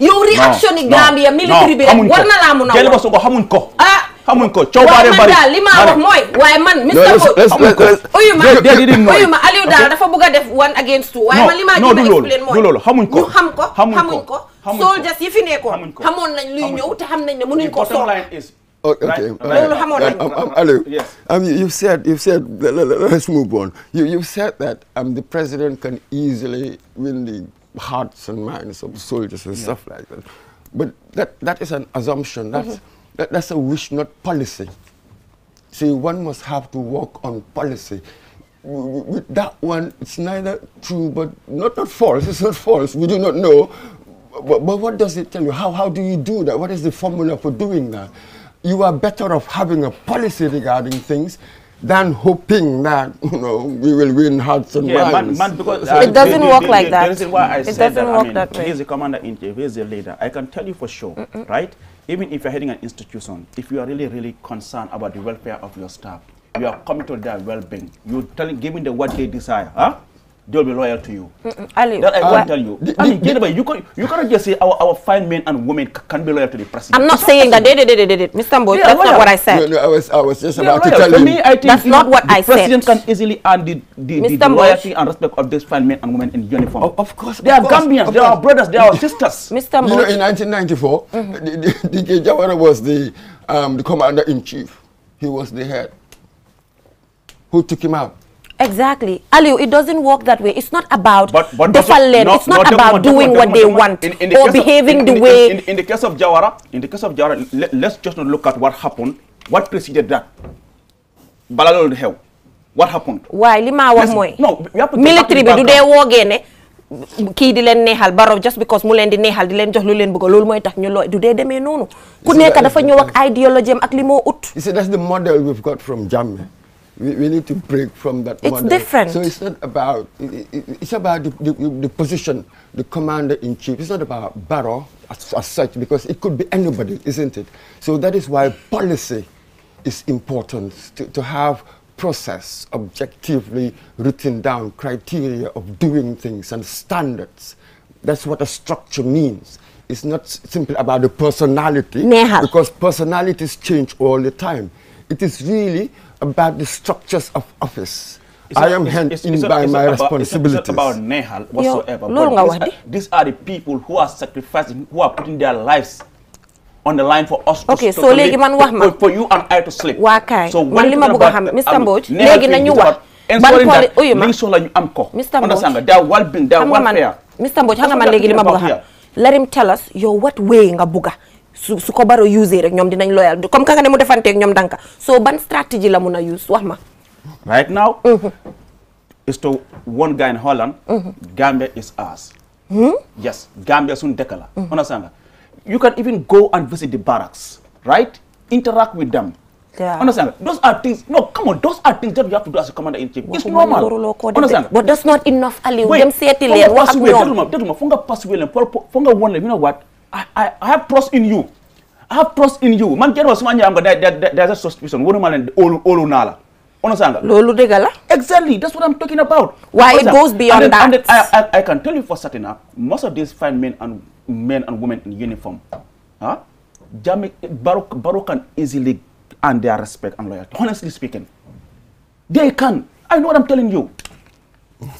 yow oh réaction Gambia military bi na laa a. ko xamuñ ah, xamuñ ko coow baaree bari waaw man daal li waaye man Mr Coach uyu ma uyu ma Aliou daal dafa bëgg a def one against two. waaye man li maa gën a expliqué mooy du ko. xam ko xamuñ ko soldiers yi fi nekkoon xamoon nañ luy ñëw xam nañ ne mënuñ ko soxla. okay loolu xamoon nañ ko Aliou. um, you said you said let's move on you you said that um, the president can easily win the hearts and minds of soldiers and stuff that is an assumption That, that's a wish, not policy. See, one must have to work on policy. With that one, it's neither true but not, not false. It's not false. We do not know. But, but what does it tell you? How, how do you do that? What is the formula for doing that? You are better off having a policy regarding things than hoping that you know we will win hearts and yeah, minds. Man, man, because, uh, it doesn't work like that. The why I it said doesn't that, work I mean, that way. He's a commander in chief. He's a leader. I can tell you for sure, mm -mm. right? Even if you're heading an institution, if you are really, really concerned about the welfare of your staff, you are committed to their well-being. You're telling, giving them what they desire, huh? they'll be loyal to you. Mm -mm. Ali, that I uh, can tell you. I mean, the, by, you, can, you cannot just say our, our fine men and women can be loyal to the president. I'm not it's saying not that they did it, did Mr. Mbo, that's loyal. not what I said. No, no, I, was, I was just about to tell you. Me, I think that's not what I said. The president can easily earn the, the, the loyalty Mbosh. and respect of these fine men and women in uniform. Oh, of course. They of are course, Gambians, they are brothers, they are sisters. Mr. Mbo. You know, in 1994, mm -hmm. the, the, Jawara was the, um, the commander in chief, he was the head. Who took him out? Exactly. Aliu, it doesn't work that way. It's not about but, but defalen. No, it's not no, about doing what they want in, in the or behaving of, in, the way. In, the case of Jawara, in the case of Jawara, let, us just not look at what happened, what preceded that. Balalol hell. What happened? Why? Lima was moy. military. Be do they war kii di leen neexal baro just because mu leen di neexal di leen jox lu leen bëgg loolu mooy tax ñu looy du dee demee noonu ku nekk dafa ñëw ak idéologie am ak li moo ut. that's the model we've got from Jammeh. we, we need to break from that it's model. different. So it's not about, it, it, it's about the, the, the, position, the commander-in-chief. It's not about Barrow as, as such, because it could be anybody, isn't it? So that is why policy is important, to, to have process objectively written down, criteria of doing things and standards. That's what a structure means. It's not simply about the personality, because personalities change all the time. It is really about the structures of office. It's I am hemmed in by it's my about, responsibilities. It's not about Nehal whatsoever. Yo, these, these are the people who are sacrificing, who are putting their lives on the line for us okay, to so léegi man wax ma for you and I to sleep. waa kaay man li ma bëgg a xam Mr um, Mbodj léegi nañu wax. ban xooli uyu ma soxla ñu am ko. Mr Mbodj xam nga man Mr Mbodj xam nga man léegi li ma bëgg a xam. Let him tell us yow what way nga bëgg a su su ko baro usé rek ñoom dinañ loyal comme ka nga ne mu defanteeg ñoom danka soo ban stratégie la mun a use wax ma. right now. Mhm. is to one guy in Holland. Mhm. Gambia is ours. Hmm? yes Gambia suñu dëkk la. understand mhm. nga you can even go and visit the barracks right interact with them. Yeah. Understand? Those are things. No, come on. Those are things that you have to do as a commander in chief. It's normal. Understand? But that's not enough, Ali. Wait. Them say it later. Wait. Funga pass well. Funga I, I, I have trust in you. I have trust in you man kenn wax su ma ñëwee am nga there there there's a suspicion wóor na ma leen óolu óolu naa la. understand nga. loolu dëgg la. exactly that's what I'm talking about. why it goes beyond that. and I, I, I can tell you for certain ah most of these fine men and men and women in uniform ah Jammeh Barrow Barrow can easily earn their respect and loyalty honestly speaking they can I know what I'm telling you.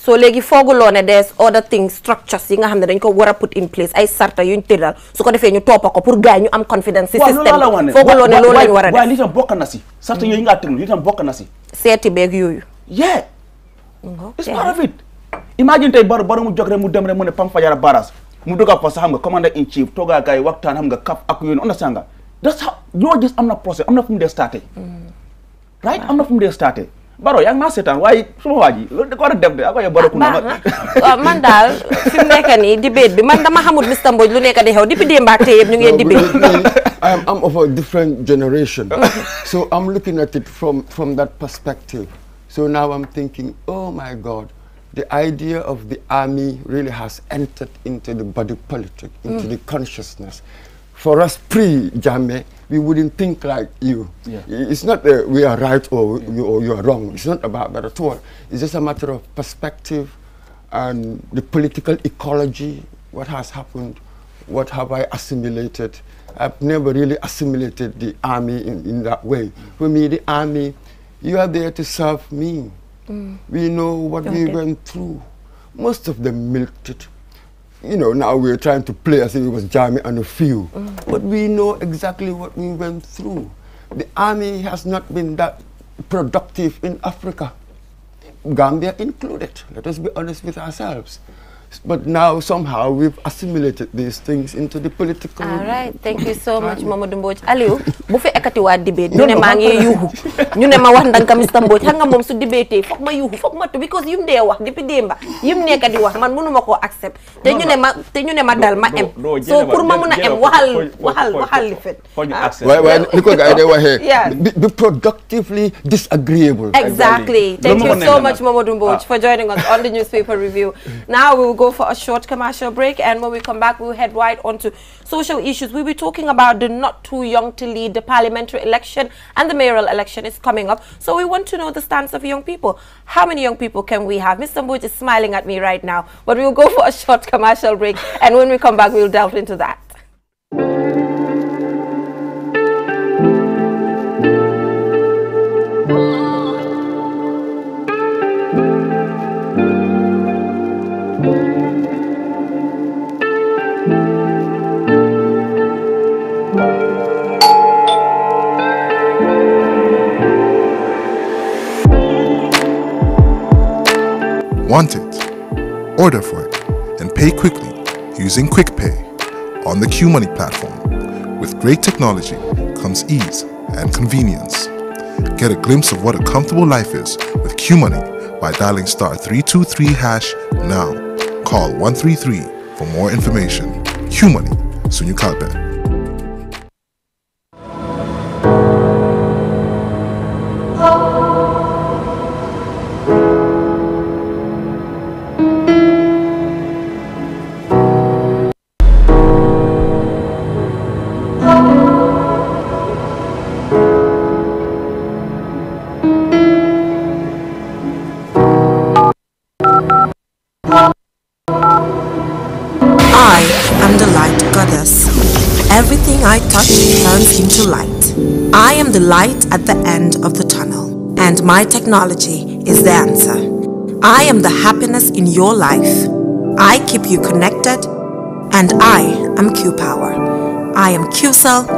so léegi fooguloo ne des other things structures yi nga xam ne dañ ko war a put in place ay sarta yuñ tëral su ko defee ñu toppa ko pour gars ñu am confidence si système fooguloo loolu lañ war a def waaye li tam bokk na si sarta yooyu ngaa tëral li tam bokk na si seeti beeg yooyu yeah it's part of it imagine tey baro mu jóg rek mu dem rek mu ne pam fajara baras mu dugg fa sax xam nga commander in chief toogaa gars yi waxtaan xam nga kaf ak yooyu understand nga that's gis am na process am na fu mu dee starté mm. right am na fu mu dee starté Baro yaa ngi maa seetaan waaye suma waa ji loolu da a def de ak waaye man daal fi mu nii debate bi man dama xamul Mr lu nekk di xew depuis démb ak tey yëpp ñu ngi I am of a different generation so I'm looking at it from that perspective so now I'm thinking oh my God the idea of the army really has entered into the body politic into mm. the consciousness for us pre we wouldn't think like you. Yeah. It's not that we are right or, yeah. you, or you are wrong. It's not about that at all. It's just a matter of perspective and the political ecology, what has happened, what have I assimilated. I've never really assimilated the army in, in that way. Mm. For me, the army, you are there to serve me. Mm. We know what okay. we went through. Most of them milked it you know, now we're trying to play as if it was Jamie and a few. Mm. But we know exactly what we went through. The army has not been that productive in Africa, Gambia included. Let us be honest with ourselves. But now somehow we've assimilated these things into the political. All right, thank you so much Mamadou Mbodj Aliou bu fi ekkatiwaat debate ñu ne maa ngi yuuxu ñu ne ma wax ndanka Mr Mbodj xam nga moom su debate foog ma yuuxu foog ma tu because yim dee wax depuis démba yim nekk di ma koo accept te ñu ne ma te ñu ne ma dal ma em so pour ma mun a em waxal waxal waxal li fet waay ah. waay ni ko gars yi day waxee be productively disagreeable exactly thank you so much Mamadou Mbodj ah. for joining us on the newspaper review now go for a short commercial break and when we come back we'll head right onto social issues. We'll be talking about the not too young to lead the parliamentary election and the mayoral election is coming up. So we want to know the stance of young people. How many young people can we have? Mr. Mbuj is smiling at me right now but we'll go for a short commercial break and when we come back we'll delve into that. want it, order for it, and pay quickly using QuickPay on the QMoney platform. With great technology comes ease and convenience. Get a glimpse of what a comfortable life is with QMoney by dialing star 323 hash now. Call 133 for more information. QMoney, Sunyu Kalbe. technology is the answer. I am the happiness in your life. I keep you connected, and I am Q Power. I am QCell.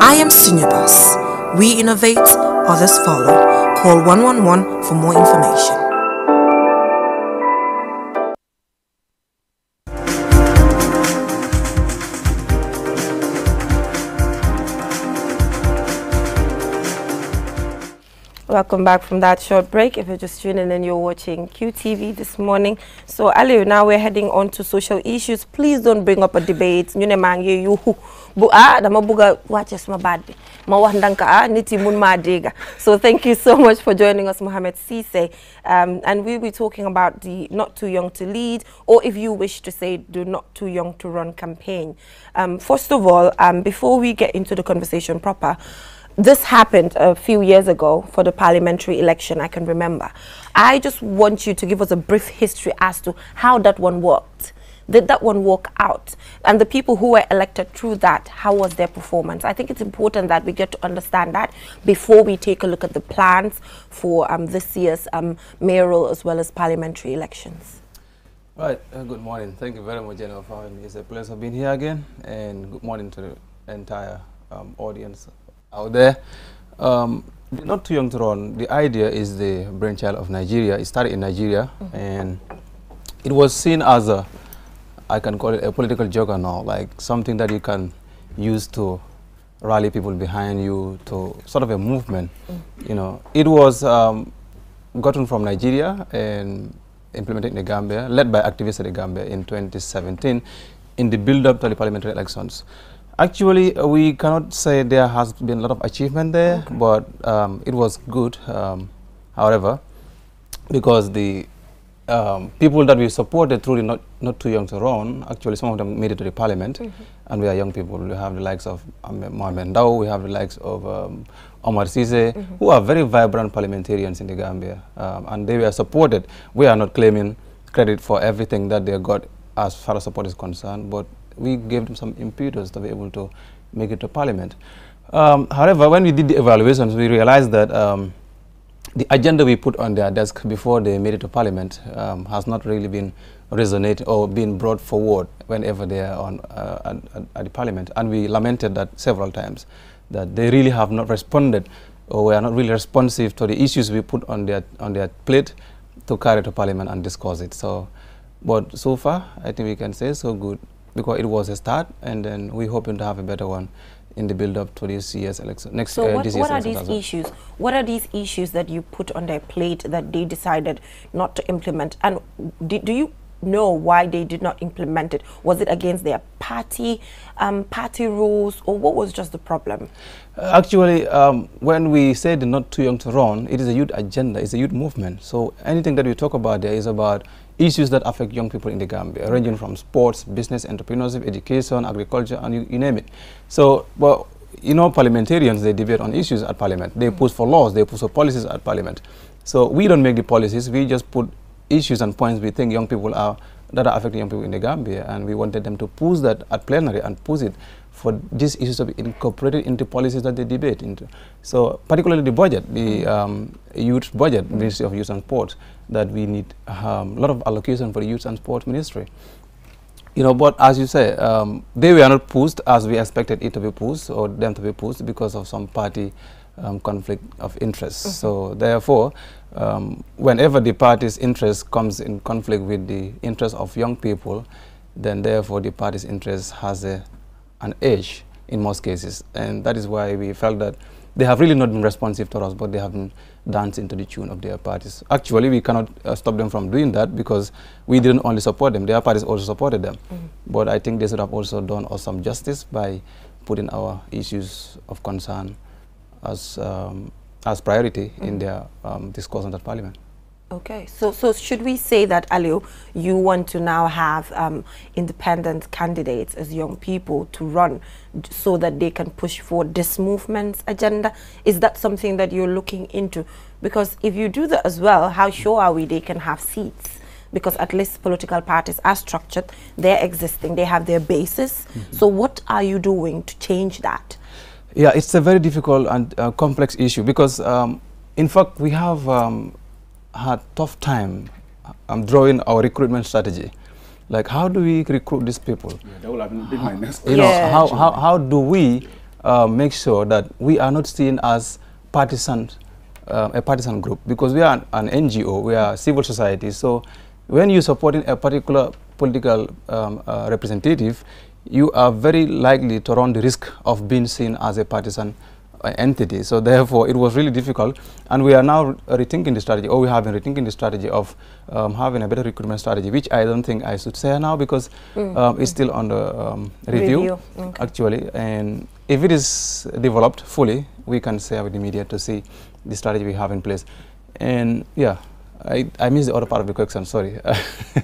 I am Senior Boss. We innovate, others follow. Call 111 for more information. Welcome back from that short break. If you're just tuning in, you're watching QTV this morning. So, Ali, now we're heading on to social issues. Please don't bring up a debate. You know, man, you who ah, buga watches my ah, So, thank you so much for joining us, Mohamed Sise. Um, and we'll be talking about the not too young to lead, or if you wish to say, do not too young to run campaign. Um, first of all, um, before we get into the conversation proper, this happened a few years ago for the parliamentary election, I can remember. I just want you to give us a brief history as to how that one worked. Did that one work out? And the people who were elected through that, how was their performance? I think it's important that we get to understand that before we take a look at the plans for um, this year's um, mayoral as well as parliamentary elections. Right, uh, good morning. Thank you very much, General It's a pleasure being here again, and good morning to the entire um, audience out there. Um, not too young to run. The idea is the brainchild of Nigeria. It started in Nigeria, mm -hmm. and it was seen as a, I can call it a political juggernaut, like something that you can use to rally people behind you to sort of a movement. Mm. You know, it was um, gotten from Nigeria and implemented in the Gambia, led by activists in the Gambia in 2017 in the build-up to the parliamentary elections. Actually, uh, we cannot say there has been a lot of achievement there, okay. but um, it was good. Um, however, because the um, people that we supported through the not, not Too Young to Run, actually some of them made it to the parliament, mm -hmm. and we are young people. We have the likes of um, Mohamed we have the likes of um, Omar Sise, mm -hmm. who are very vibrant parliamentarians in the Gambia, um, and they were supported. We are not claiming credit for everything that they got as far as support is concerned, but we gave them some impetus to be able to make it to parliament. Um, however, when we did the evaluations, we realized that um, the agenda we put on their desk before they made it to parliament um, has not really been resonated or been brought forward whenever they are on, uh, at, at, the parliament. And we lamented that several times, that they really have not responded or were not really responsive to the issues we put on their, on their plate to carry to parliament and discuss it. So, but so far, I think we can say so good because it was a start, and then we're hoping to have a better one in the build-up to this year's election. Next, so uh, what, what are these issues? What are these issues that you put on their plate that they decided not to implement? And do, do you know why they did not implement it? Was it against their party um, party rules, or what was just the problem? Actually, um, when we said not too young to run, it is a youth agenda, it's a youth movement. So anything that we talk about there is about issues that affect young people in the Gambia, ranging from sports, business, entrepreneurship, education, agriculture, and you, you name it. So, well, you know, parliamentarians, they debate on issues at parliament. They push for laws, they push for policies at parliament. So we don't make the policies, we just put issues and points we think young people are, that are affecting young people in the Gambia, and we wanted them to push that at plenary and push it for these issues to be incorporated into policies that they debate into. So particularly the budget, the um, youth budget, mm. Ministry of Youth and Sports, that we need um, a lot of allocation for the Youth and Sports Ministry. You know, but as you say, um, they were not pushed as we expected it to be pushed or them to be pushed because of some party um, conflict of interest. Mm -hmm. So therefore, um, whenever the party's interest comes in conflict with the interest of young people, then therefore the party's interest has a an edge in most cases. And that is why we felt that they have really not been responsive to us, but they have danced into the tune of their parties. Actually, we cannot uh, stop them from doing that because we didn't only support them, their parties also supported them. Mm -hmm. But I think they should have also done us some justice by putting our issues of concern as, um, as priority mm -hmm. in mm-hmm. their um, discourse on that parliament. Okay, so so should we say that Alio, you want to now have um, independent candidates as young people to run, so that they can push for this movement's agenda? Is that something that you're looking into? Because if you do that as well, how sure are we they can have seats? Because at least political parties are structured, they're existing, they have their basis. Mm -hmm. So what are you doing to change that? Yeah, it's a very difficult and uh, complex issue because, um, in fact, we have. Um, had tough time um, drawing our recruitment strategy. Like, how do we recruit these people? Yeah, that will have been my next question. You know, yeah. how, how, how do we uh, make sure that we are not seen as partisan, uh, a partisan group? Because we are an, NGO, we are civil society. So when you're supporting a particular political um, uh, representative, you are very likely to run the risk of being seen as a partisan uh, entity. So, therefore, it was really difficult and we are now rethinking the strategy or we have been rethinking the strategy of um, having a better recruitment strategy which I don't think I should say now because mm. um, it's mm. still under um, review, review. Okay. actually and if it is developed fully we can share with the media to see the strategy we have in place and yeah. I, I missed the other part of the question, sorry.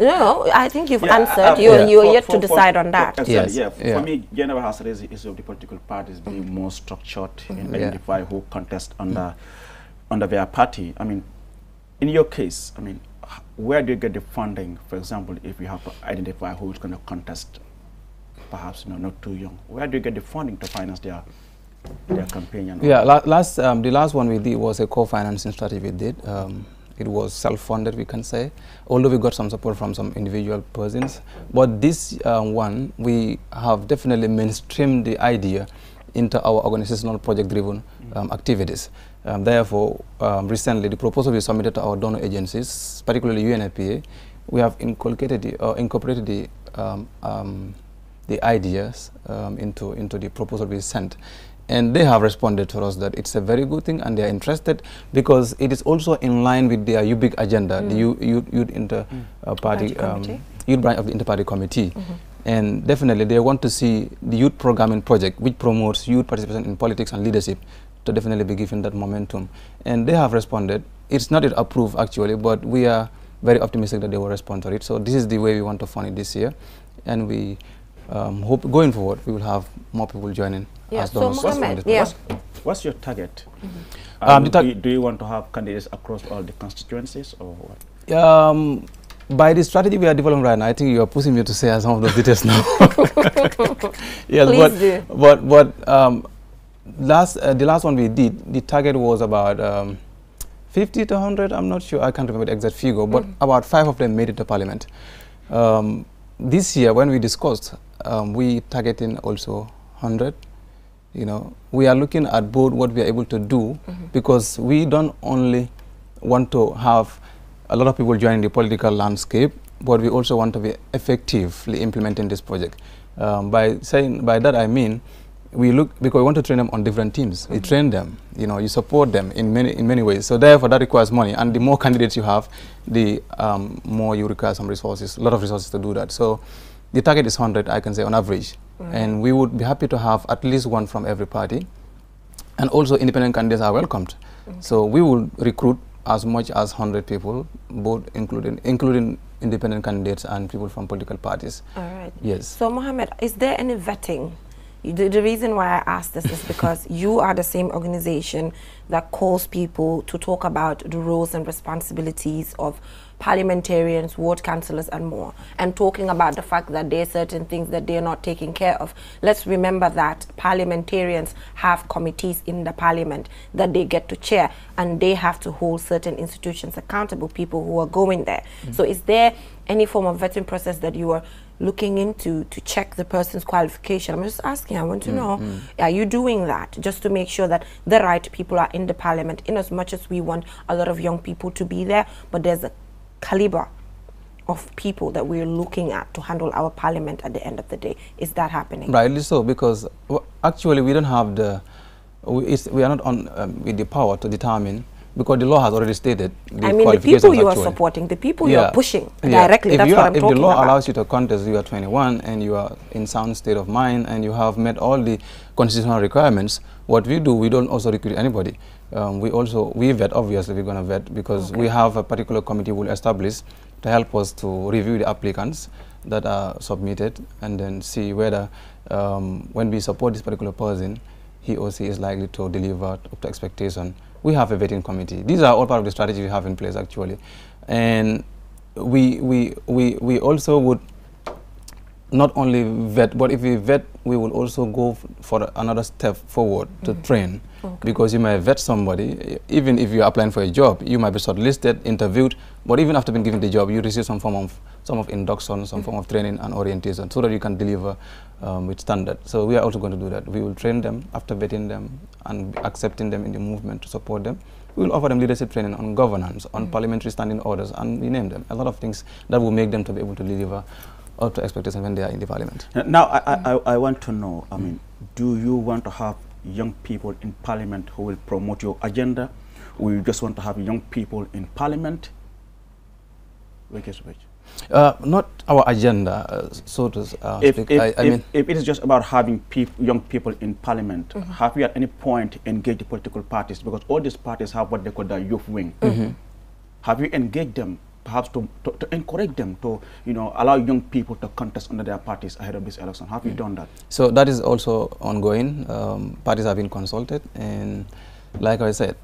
no, I think you've yeah, answered. Uh, you, yeah. you are yet for, to decide for, on that. yes. Yeah, yeah. For me, general has raised the issue of the political parties being more structured mm and identify who contest under, mm under their party. I mean, in your case, I mean, where do you get the funding, for example, if you have to identify who's going to contest, perhaps you know, not too young? Where do you get the funding to finance their their campaign? yeah, la last um, the last one we did was a co-financing strategy we did. Um, it was self-funded, we can say, although we got some support from some individual persons. But this uh, one, we have definitely mainstreamed the idea into our organizational project-driven um, activities. Um, therefore, um, recently, the proposal we submitted to our donor agencies, particularly UNFPA, we have inculcated uh, incorporated the, um, um, the ideas um, into, into the proposal we sent and they have responded to us that it's a very good thing and they are interested because it is also in line with their UBIC agenda, uh, mm. the um, youth U, inter, mm. uh, party, youth branch of the inter-party committee. Mm -hmm. And definitely they want to see the youth programming project which promotes youth participation in politics and leadership to definitely be given that momentum. And they have responded. It's not yet approved actually, but we are very optimistic that they will respond to it. So this is the way we want to fund it this year. And we um, hope going forward we will have more people joining yeah. as donors. So what's, Mohammed, yeah. what's, your target? Mm -hmm. um, um, tar do, you, do, you, want to have candidates across all the constituencies or what? Um, by the strategy we are developing right now, I think you are pushing me to say some of those details now. yes, Please but, do. but but um, last uh, the last one we did, the target was about. Um, 50 to 100, I'm not sure, I can't remember the exact figure, but mm about five of them made it to parliament. Um, this year, when we discussed, um, we targeting also 100 you know, we are looking at both what we are able to do mm -hmm. because we don't only want to have a lot of people join the political landscape, but we also want to be effectively implementing this project. Um, by saying by that I mean we look because we want to train them on different teams. Mm -hmm. You train them, you know, you support them in many in many ways. So therefore, that requires money, and the more candidates you have, the um, more you require some resources, a lot of resources to do that. So the target is 100, I can say, on average. Mm. And we would be happy to have at least one from every party. And also independent candidates are welcomed. Okay. So we will recruit as much as 100 people, both including, including independent candidates and people from political parties. All right. Yes. So, Mohammed, is there any vetting? The, the reason why I ask this is because you are the same organization that calls people to talk about the roles and responsibilities of parliamentarians, ward councillors and more, and talking about the fact that there are certain things that they're not taking care of. Let's remember that parliamentarians have committees in the parliament that they get to chair and they have to hold certain institutions accountable, people who are going there. Mm -hmm. So is there any form of vetting process that you are looking into to check the person's qualification? I'm just asking, I want to mm -hmm. know, mm. are you doing that just to make sure that the right people are in the parliament in as much as we want a lot of young people to be there, but there's a caliber of people that we're looking at to handle our parliament at the end of the day. Is that happening? Rightly so, because actually we don't have the, we, we are not on um, with the power to determine because the law has already stated the I mean, the people you actually. are supporting, the people yeah. you are pushing yeah. directly, if that's what are, I'm talking about. If the law about. allows you to contest, you are 21 and you are in sound state of mind and you have met all the constitutional requirements, what we do, we don't also recruit anybody. Um, we also we vet obviously we're going to vet because okay. we have a particular committee we'll establish to help us to review the applicants that are submitted and then see whether um, when we support this particular person he or she is likely to deliver up to expectation we have a vetting committee these are all part of the strategy we have in place actually and we we we, we also would not only vet, but if we vet, we will also go for another step forward mm -hmm. to train. Okay. Because you might vet somebody, even if you're applying for a job, you might be shortlisted, interviewed, but even after being given the job, you receive some form of some of induction, some mm -hmm. form of training and orientation so that you can deliver um, with standard. So we are also going to do that. We will train them after vetting them and accepting them in the movement to support them. We will offer them leadership training on governance, on mm -hmm. parliamentary standing orders, and we name them. A lot of things that will make them to be able to deliver up to expectation when they are in the parliament. Uh, now, I, I, I want to know, I mean, do you want to have young people in parliament who will promote your agenda? Or you just want to have young people in parliament? Which is which? Uh, not our agenda, uh, so to uh, if, if, I, I if, mean, if it is just about having peop young people in parliament, mm -hmm. have you at any point engaged the political parties? Because all these parties have what they call the youth wing. Mm -hmm. Have you engaged them perhaps to, to, to, encourage them to you know allow young people to contest under their parties ahead of this election have mm. you done that so that is also ongoing um, parties have been consulted and like i said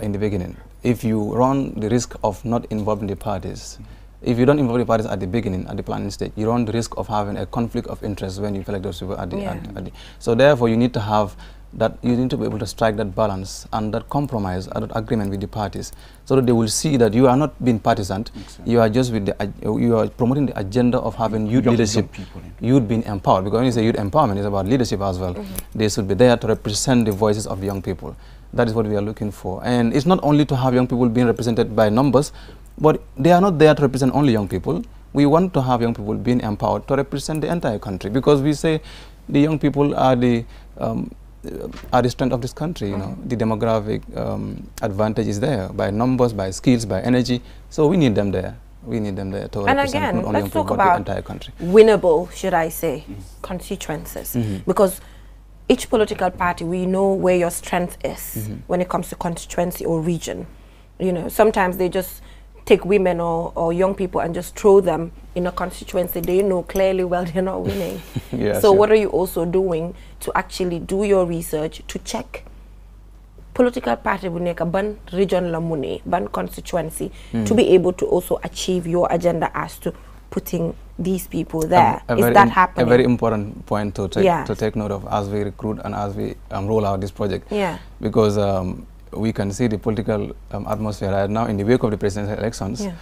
in the beginning if you run the risk of not involving the parties mm. If you don't involve the parties at the beginning, at the planning stage, you run the risk of having a conflict of interest when you like those people at the, yeah. at, at the. So therefore, you need to have that you need to be able to strike that balance and that compromise and that agreement with the parties so that they will see that you are not being partisan exactly. you are just with the you are promoting the agenda of having youth young, leadership young youth been empowered because when you say youth empowerment it's about leadership as well mm -hmm. they should be there to represent the voices of young people that is what we are looking for and it's not only to have young people being represented by numbers but they are not there to represent only young people we want to have young people being empowered to represent the entire country because we say the young people are the um, uh, are the strength of this country. You know, mm. the demographic um, advantage is there by numbers, by skills, by energy. So we need them there. We need them there to and represent again, let's talk about the entire country. Winnable, should I say, mm. constituencies, mm -hmm. because each political party we know where your strength is mm -hmm. when it comes to constituency or region. You know, sometimes they just take women or, or young people and just throw them in a constituency they know clearly well they're not winning. yes, so yeah. what are you also doing to actually do your research to check political party bu ban region la mu ban constituency mm. to be able to also achieve your agenda as to putting these people there. A, a Is that happening? A very important point to take, yes. to take note of as we recruit and as we um, roll out this project. Yeah. Because um, we can see the political um, atmosphere right now in the wake of the presidential elections, yeah.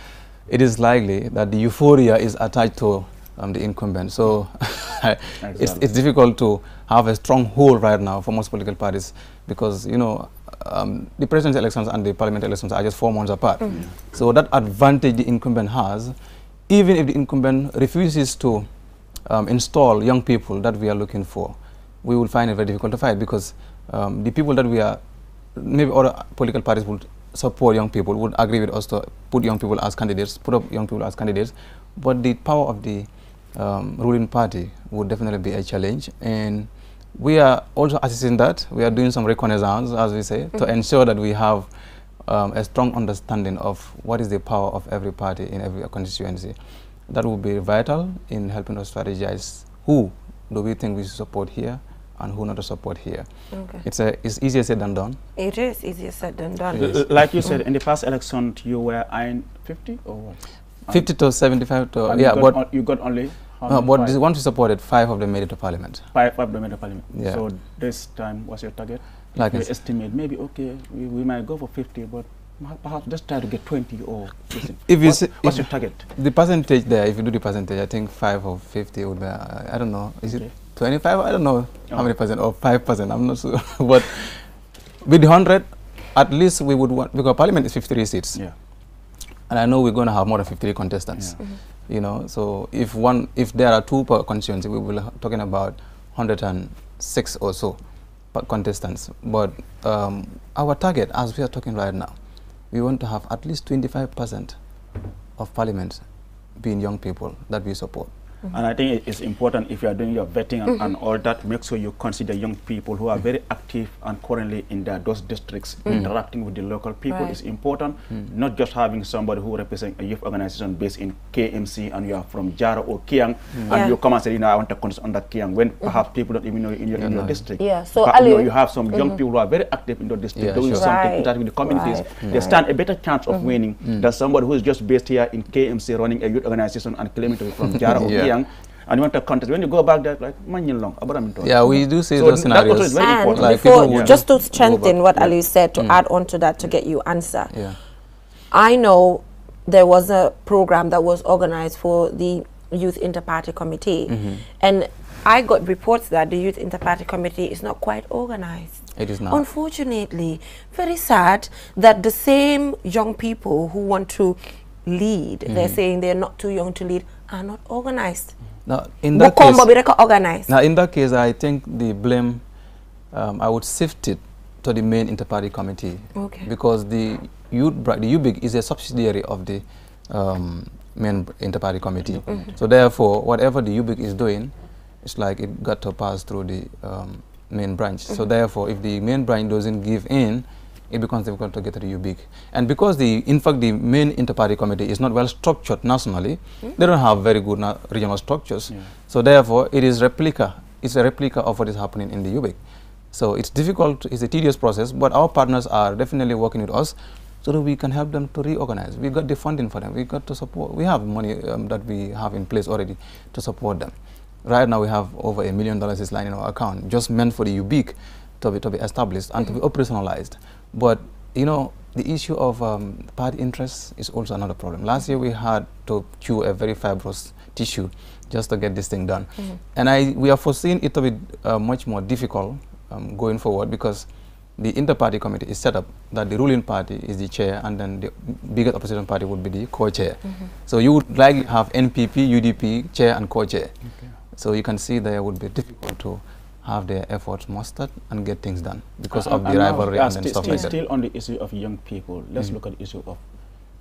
it is likely that the euphoria is attached to um, the incumbent. So exactly. it's, it's, difficult to have a strong hold right now for most political parties because, you know, um, the presidential elections and the parliamentary elections are just four months apart. Mm. Yeah. So that advantage the incumbent has, even if the incumbent refuses to um, install young people that we are looking for, we will find it very difficult to fight because um, the people that we are maybe other political parties would support young people, would agree with us to put young people as candidates, put up young people as candidates. But the power of the um, ruling party would definitely be a challenge. And we are also assisting that. We are doing some reconnaissance, as we say, mm -hmm. to mm-hmm. ensure that we have um, a strong understanding of what is the power of every party in every constituency. That will be vital in helping us strategize who do we think we should support here, and who not to support here. Okay. It's, a, it's easier said than done. It is easier said than done. Like you said, in the past election, you were in 50 or what? Um, 50 to 75 to, and yeah. You got, but you got only? No, but one once support supported, five of them made it to parliament. Five of them made it to parliament. Yeah. So this time, what's your target? Like we estimate, maybe, okay, we, we might go for 50, but perhaps just try to get 20 or if you what, what's if your target the percentage there if you do the percentage i think 5 or 50 would be uh, i don't know is okay. it 25 i don't know oh. how many percent or 5 percent i'm not sure but with 100 at least we would want because parliament is 53 seats yeah and i know we're going to have more than 53 contestants yeah. mm -hmm. you know so if one if there are two per constituency we will talking about 106 or so per contestants but um, our target as we are talking right now we want to have at least 25 percent of parliament being young people that we support -hmm. And I think it's important if you are doing your vetting and, mm -hmm. and, mm-hmm. all that, make sure you consider young people who are mm-hmm. very active and currently in their, those districts, mm -hmm. interacting with the local people right. is important. Mm-hmm. Not just having somebody who represents a youth organization based in KMC and you are from Jara or Kiang, and yeah. you come and say, you know, I want to contest on that Kiang, when perhaps people don't even know in your, in your district. Yeah, so but, you, know, you have some young people who are very active in the district, yeah, doing sure. something, right. interacting with the communities. Right. They stand a better chance of winning mm. than somebody who is just based here in KMC running a youth organization and claiming to be from Jara or Kiang young and you want to contest. When you go back there, like, man, you long, Yeah, we do see so those scenarios. and like before, yeah. just to strengthen what yeah. Ali said, to mm. add on to that to get you answer. Yeah. I know there was a program that was organized for the Youth Interparty Committee. Mm -hmm. And I got reports that the Youth Interparty Committee is not quite organized. It is not. Unfortunately, very sad that the same young people who want to lead, mm -hmm. they're mm-hmm. saying they're not too young to lead are not organized. Now, in that Bukombo case, organized. Now, in that case, I think the blame, um, I would sift it to the main interparty committee. Okay. Because the youth, the UBIC is a subsidiary of the um, main interparty committee. Mm -hmm. So therefore, whatever the UBIC is doing, it's like it got to pass through the um, main branch. Mm -hmm. So mm-hmm. therefore, if the main branch doesn't give in, it becomes difficult to get a UBIC. And because the, in fact, the main inter-party committee is not well structured nationally, mm. they don't have very good regional structures. Yeah. So therefore, it is replica, it's a replica of what is happening in the UBIC. So it's difficult, it's a tedious process, but our partners are definitely working with us so that we can help them to reorganize. We got the funding for them, we got to support, we have money um, that we have in place already to support them. Right now we have over a million dollars is lying in our account, just meant for the UBIC to be, to be established and mm -hmm. to be hmm. operationalized. But, you know, the issue of um, party interests is also another problem. Last year we had to cure a very fibrous tissue just to get this thing done. Mm -hmm. And I, we are foreseeing it to be uh, much more difficult um, going forward because the inter-party committee is set up that the ruling party is the chair and then the biggest opposition party would be the co-chair. Mm -hmm. So you would likely have NPP, UDP, chair and co-chair. Okay. So you can see there would be difficult to have their efforts mustered and get things done because uh, of the rivalry and, stuff like that. Still on the issue of young people, let's mm-hmm. look at the issue of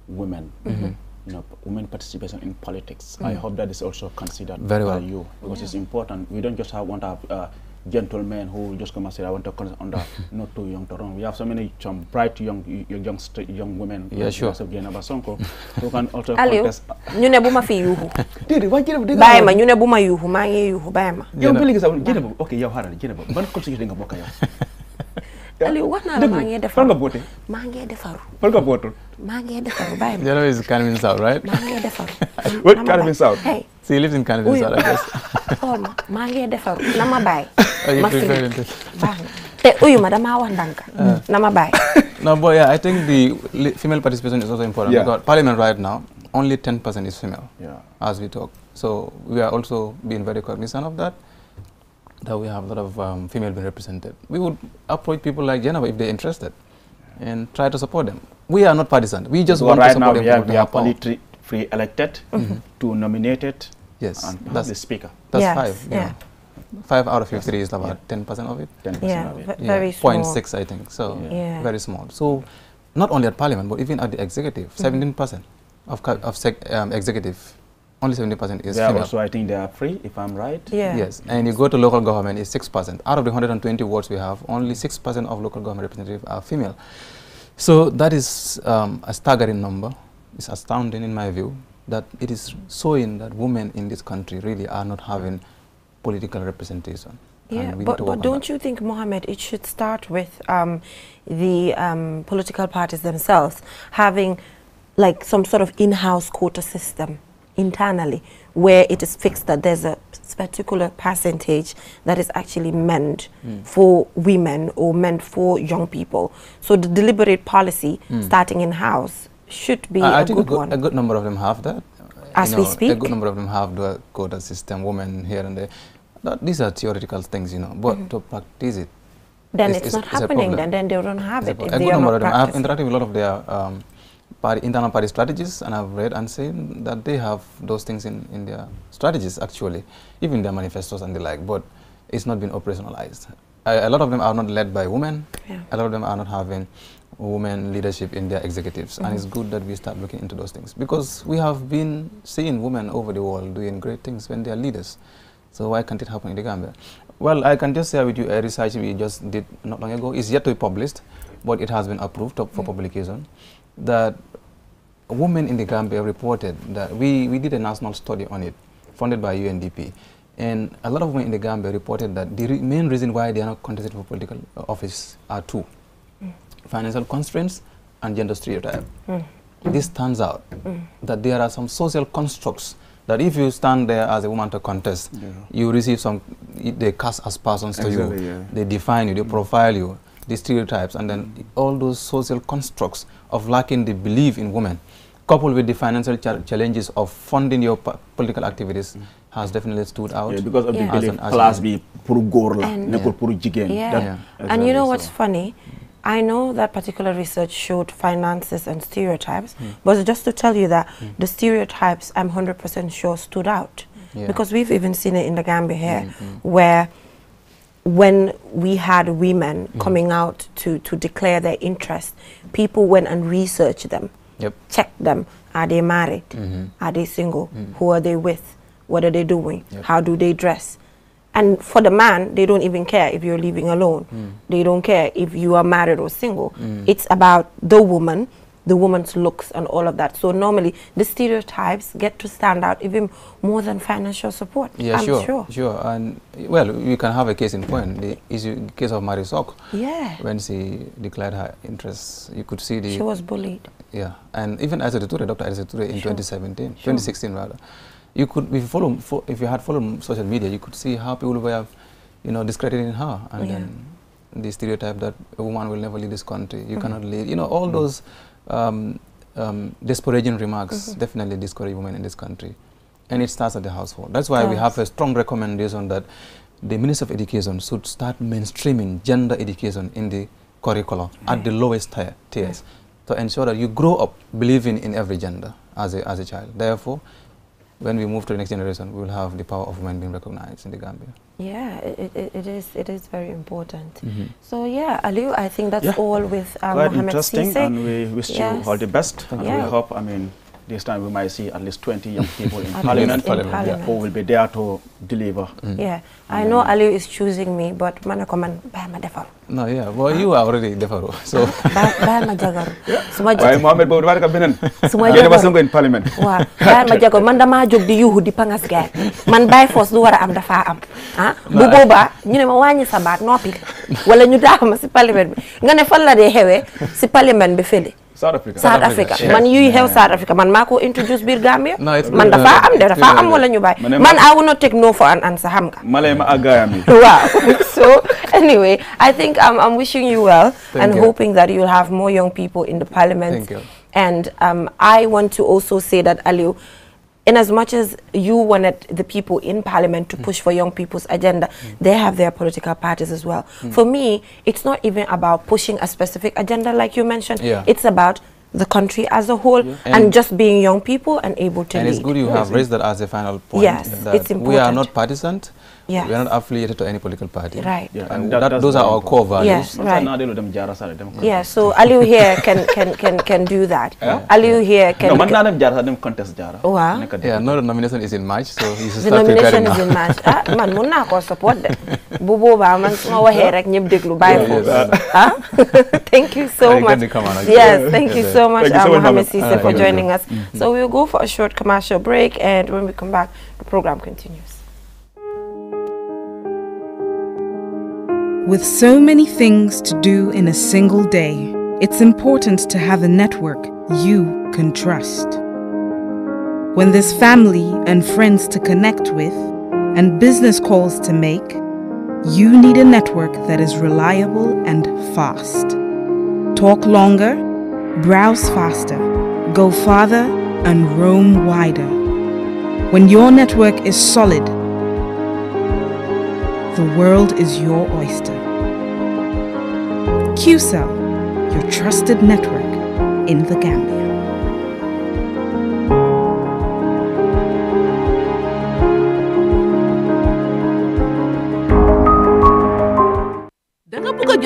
women. Mm-hmm. You know, women participation in politics. I mm-hmm. hope that is also considered Very well. by you because yeah. it's important. We don't just have, want to have uh, gentleman who just come and say, I want to come under not too young to run. We have so many some bright young young young women. Yeah, sure. again, about Sonko, who can also contest. ñu ne bu ma fi yuuxu. Didi, why Jena? Bàyyi ma, ñu ne bu ma yuuxu, maa ngi yuuxu, bàyyi ma. Yow bi liggéey sa Jena ba, ok yow xaaral Jena ba, ban conseil nga bokk yow? Aliu, wax naa la maa ngi defaru. Fan nga boote? Maa ngi defaru. Fan nga bootul? Maa ngi defaru, bàyyi ma. is calming sound, right? Maa ngi defaru. what Canavan South? Hey. So he lives in Canavan I guess. xool oh, ma maa ngi defaru na ma bàyyi. Oh, ma fi baax te uyu uh. ma damaa wax ndànk. na no boy yeah, I think the female participation is also important yeah. because parliament right now only 10% is female yeah. as we talk. So we are also being very cognizant of that, that we have a lot of um, female being represented. We would approach people like Geneva if they're interested and try to support them. We are not partisan. We just but want right to support now, them. We are, we are, are politi Free elected mm-hmm. to nominated, yes, and that's the speaker. That's yes, five. Yeah. Five out of 53 is about 10% of it. 10% of it. Very small. 0.6, I think. So, very small. So, not only at parliament, but even at the executive, 17% mm. of, of um, executive only 70% is yeah, So I think they are free, if I'm right. Yeah. Yes, and you go to local government, it's 6%. Out of the 120 wards we have, only 6% of local government representatives are female. So that is um, a staggering number it's astounding in my view that it is showing that women in this country really are not having political representation. Yeah, but, but don't you think, Mohammed, it should start with um, the um, political parties themselves having like some sort of in-house quota system internally where it is fixed that there's a particular percentage that is actually meant mm. for women or meant for young people. So the deliberate policy mm. starting in house should be think good a good, one. A good number of them have that. As you know, we speak? A good number of them have the quota system, women here and there. But these are theoretical things, you know, but mm -hmm. to practice it. Then it's, it's not happening, then, then they don't have it's it. A, a good number of them. I have interacted with a lot of their um, party, internal party strategies, and I've read and seen that they have those things in, in their strategies, actually, even their manifestos and the like, but it's not been operationalized. A, a lot of them are not led by women, yeah. a lot of them are not having women leadership in their executives. Mm -hmm. And it's mm. good that we start looking into those things because we have been seeing women over the world doing great things when they are leaders. So why can't it happen in the Gambia? Well, I can just share with you a research we just did not long ago. It's yet to be published, but it has been approved for mm -hmm. publication. That women in the Gambia reported that we, we did a national study on it, funded by UNDP. And a lot of women in the Gambia reported that the re main reason why they are not contested for political uh, office are two financial constraints, and gender stereotype. Mm. This turns out mm. that there are some social constructs that if you stand there as a woman to contest, yeah. you receive some, they cast as persons exactly, to you, yeah. they define you, they profile you, the stereotypes, and then all those social constructs of lacking the belief in women, coupled with the financial challenges of funding your political activities, mm. has definitely stood out. Yeah, because of yeah. the belief, class B, puru gorla, ne puru Yeah, And you know what's funny? I know that particular research showed finances and stereotypes, mm. but just to tell you that mm. the stereotypes I'm 100% sure stood out. Yeah. Because we've even seen it in the Gambia here, -hmm. hmm. where when we had women mm. coming out to, to declare their interest, people went and researched them, yep. checked them. Are they married? Mm -hmm. Are they single? Mm. Who are they with? What are they doing? Yep. How do they dress? And for the man, they don't even care if you're living alone. Mm. They don't care if you are married or single. Mm. It's about the woman, the woman's looks, and all of that. So normally, the stereotypes get to stand out even more than financial support. Yeah, I'm sure, sure, sure. And well, you can have a case in point. The issue, case of Sok? Yeah. When she declared her interest, you could see the. She was bullied. Yeah, and even a Ture, Dr. Aisha Ture, in sure. 2017, sure. 2016 rather you could if you follow fo if you had followed social media, you could see how people were, you know, discrediting her and yeah. then the stereotype that a woman will never leave this country, you mm -hmm. cannot leave, you know, all mm -hmm. those um, um, disparaging remarks mm -hmm. definitely discourage women in this country, and it starts at the household. That's why yes. we have a strong recommendation that the Minister of Education should start mainstreaming gender education in the curriculum at the lowest tier, tiers to ensure that you grow up believing in every gender as a, as a child. Therefore, when we move to the next generation, we will have the power of women being recognized in the Gambia. Yeah, it, it, it is it is very important. Mm -hmm. So yeah, Aliu, I think that's yeah. all with um, Quite Mohammed interesting, and we wish you all the best. and yeah. we hope, I mean, this time we might see at least 20 young people in parliament, parliament, parliament. Yeah. who will be there to deliver. Mm. Yeah, I mm. know man So bayama jagar. Suma jagar. Why Mohammed Bawud baraka benen? Suma jagar. Yene basungo in parliament. Wa dama jog di yuhu di pangas gay. Man bay force lu wara am dafa am. Ah, bu boba ñu ne ma wañi sabat nopi. Wala ñu daama ci parliament bi. Nga ne fan la dé xewé ci parliament bi fele. South Africa South Africa man you xew South Africa man Marco ko introduce No, Gambia man dafa am de dafa am wala ñu bàyyi man I will not take no for an answer xam nga ma lay ma aggaayam yi so anyway I think um, I'm wishing you well and hoping that you'll have more young people in the parliament and um, I want to also say that Aliu in as much as you wanted the people in parliament to mm. push for young people's agenda, mm. they have their political parties as well. Mm. For me, it's not even about pushing a specific agenda like you mentioned. Yeah. It's about the country as a whole yeah. and, and, just being young people and able to And lead. it's good you have raised that as a final point. Yes, it's important. We are not partisan. Yes. We are not affiliated to any political party. Right. Yeah, and, that, that, those are our core values. Yes, right. Yeah, so Aliu here can, can, can, can do that. Yeah? Aliu yeah. here can... No, can no, contest jara. Wow. Yeah, no, the nomination is in March, so he's The nomination is in March. ah, man, muna ko support them. Bubo ba, man, suma wahe rek nyeb deglu, bye Thank you so much. Thank you uh, much. Yes, thank you so much, Mohamed Sise, for joining us. Mm-hmm. So we'll go for a short commercial break, and when we come back, the program continues. With so many things to do in a single day, it's important to have a network you can trust. When there's family and friends to connect with and business calls to make, you need a network that is reliable and fast. Talk longer, browse faster, go farther, and roam wider. When your network is solid the world is your oyster. QCell, your trusted network in the Gambia.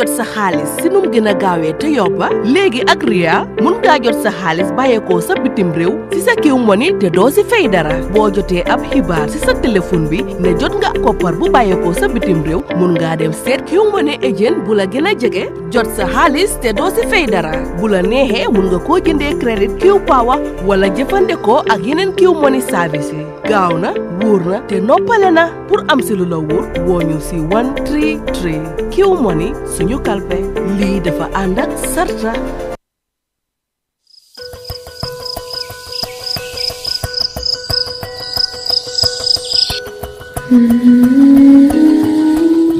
jot sa xaalis si nu mu a gaawee te yobba léegi ak Ria mun ngaa jot sa xaalis bàyyeekoo sa bitim réew si sa kiw moni te doo si fay dara boo jotee ab xibaar si sa téléphone bi ne jot nga koppar bu bàyyeekoo sa bitim réew mun ngaa dem seet kiw moni agent bu la gën a jege jot sa xaalis te doo si fay dara bu la neexee mun nga koo jëndee crédit kiw power wala jëfandikoo ak yeneen kiw moni service yi gaaw na wor na te noppale na pour am si lu la wor woo ñu si 133 Q Money suñu kalpe lii dafa ànd ak sarta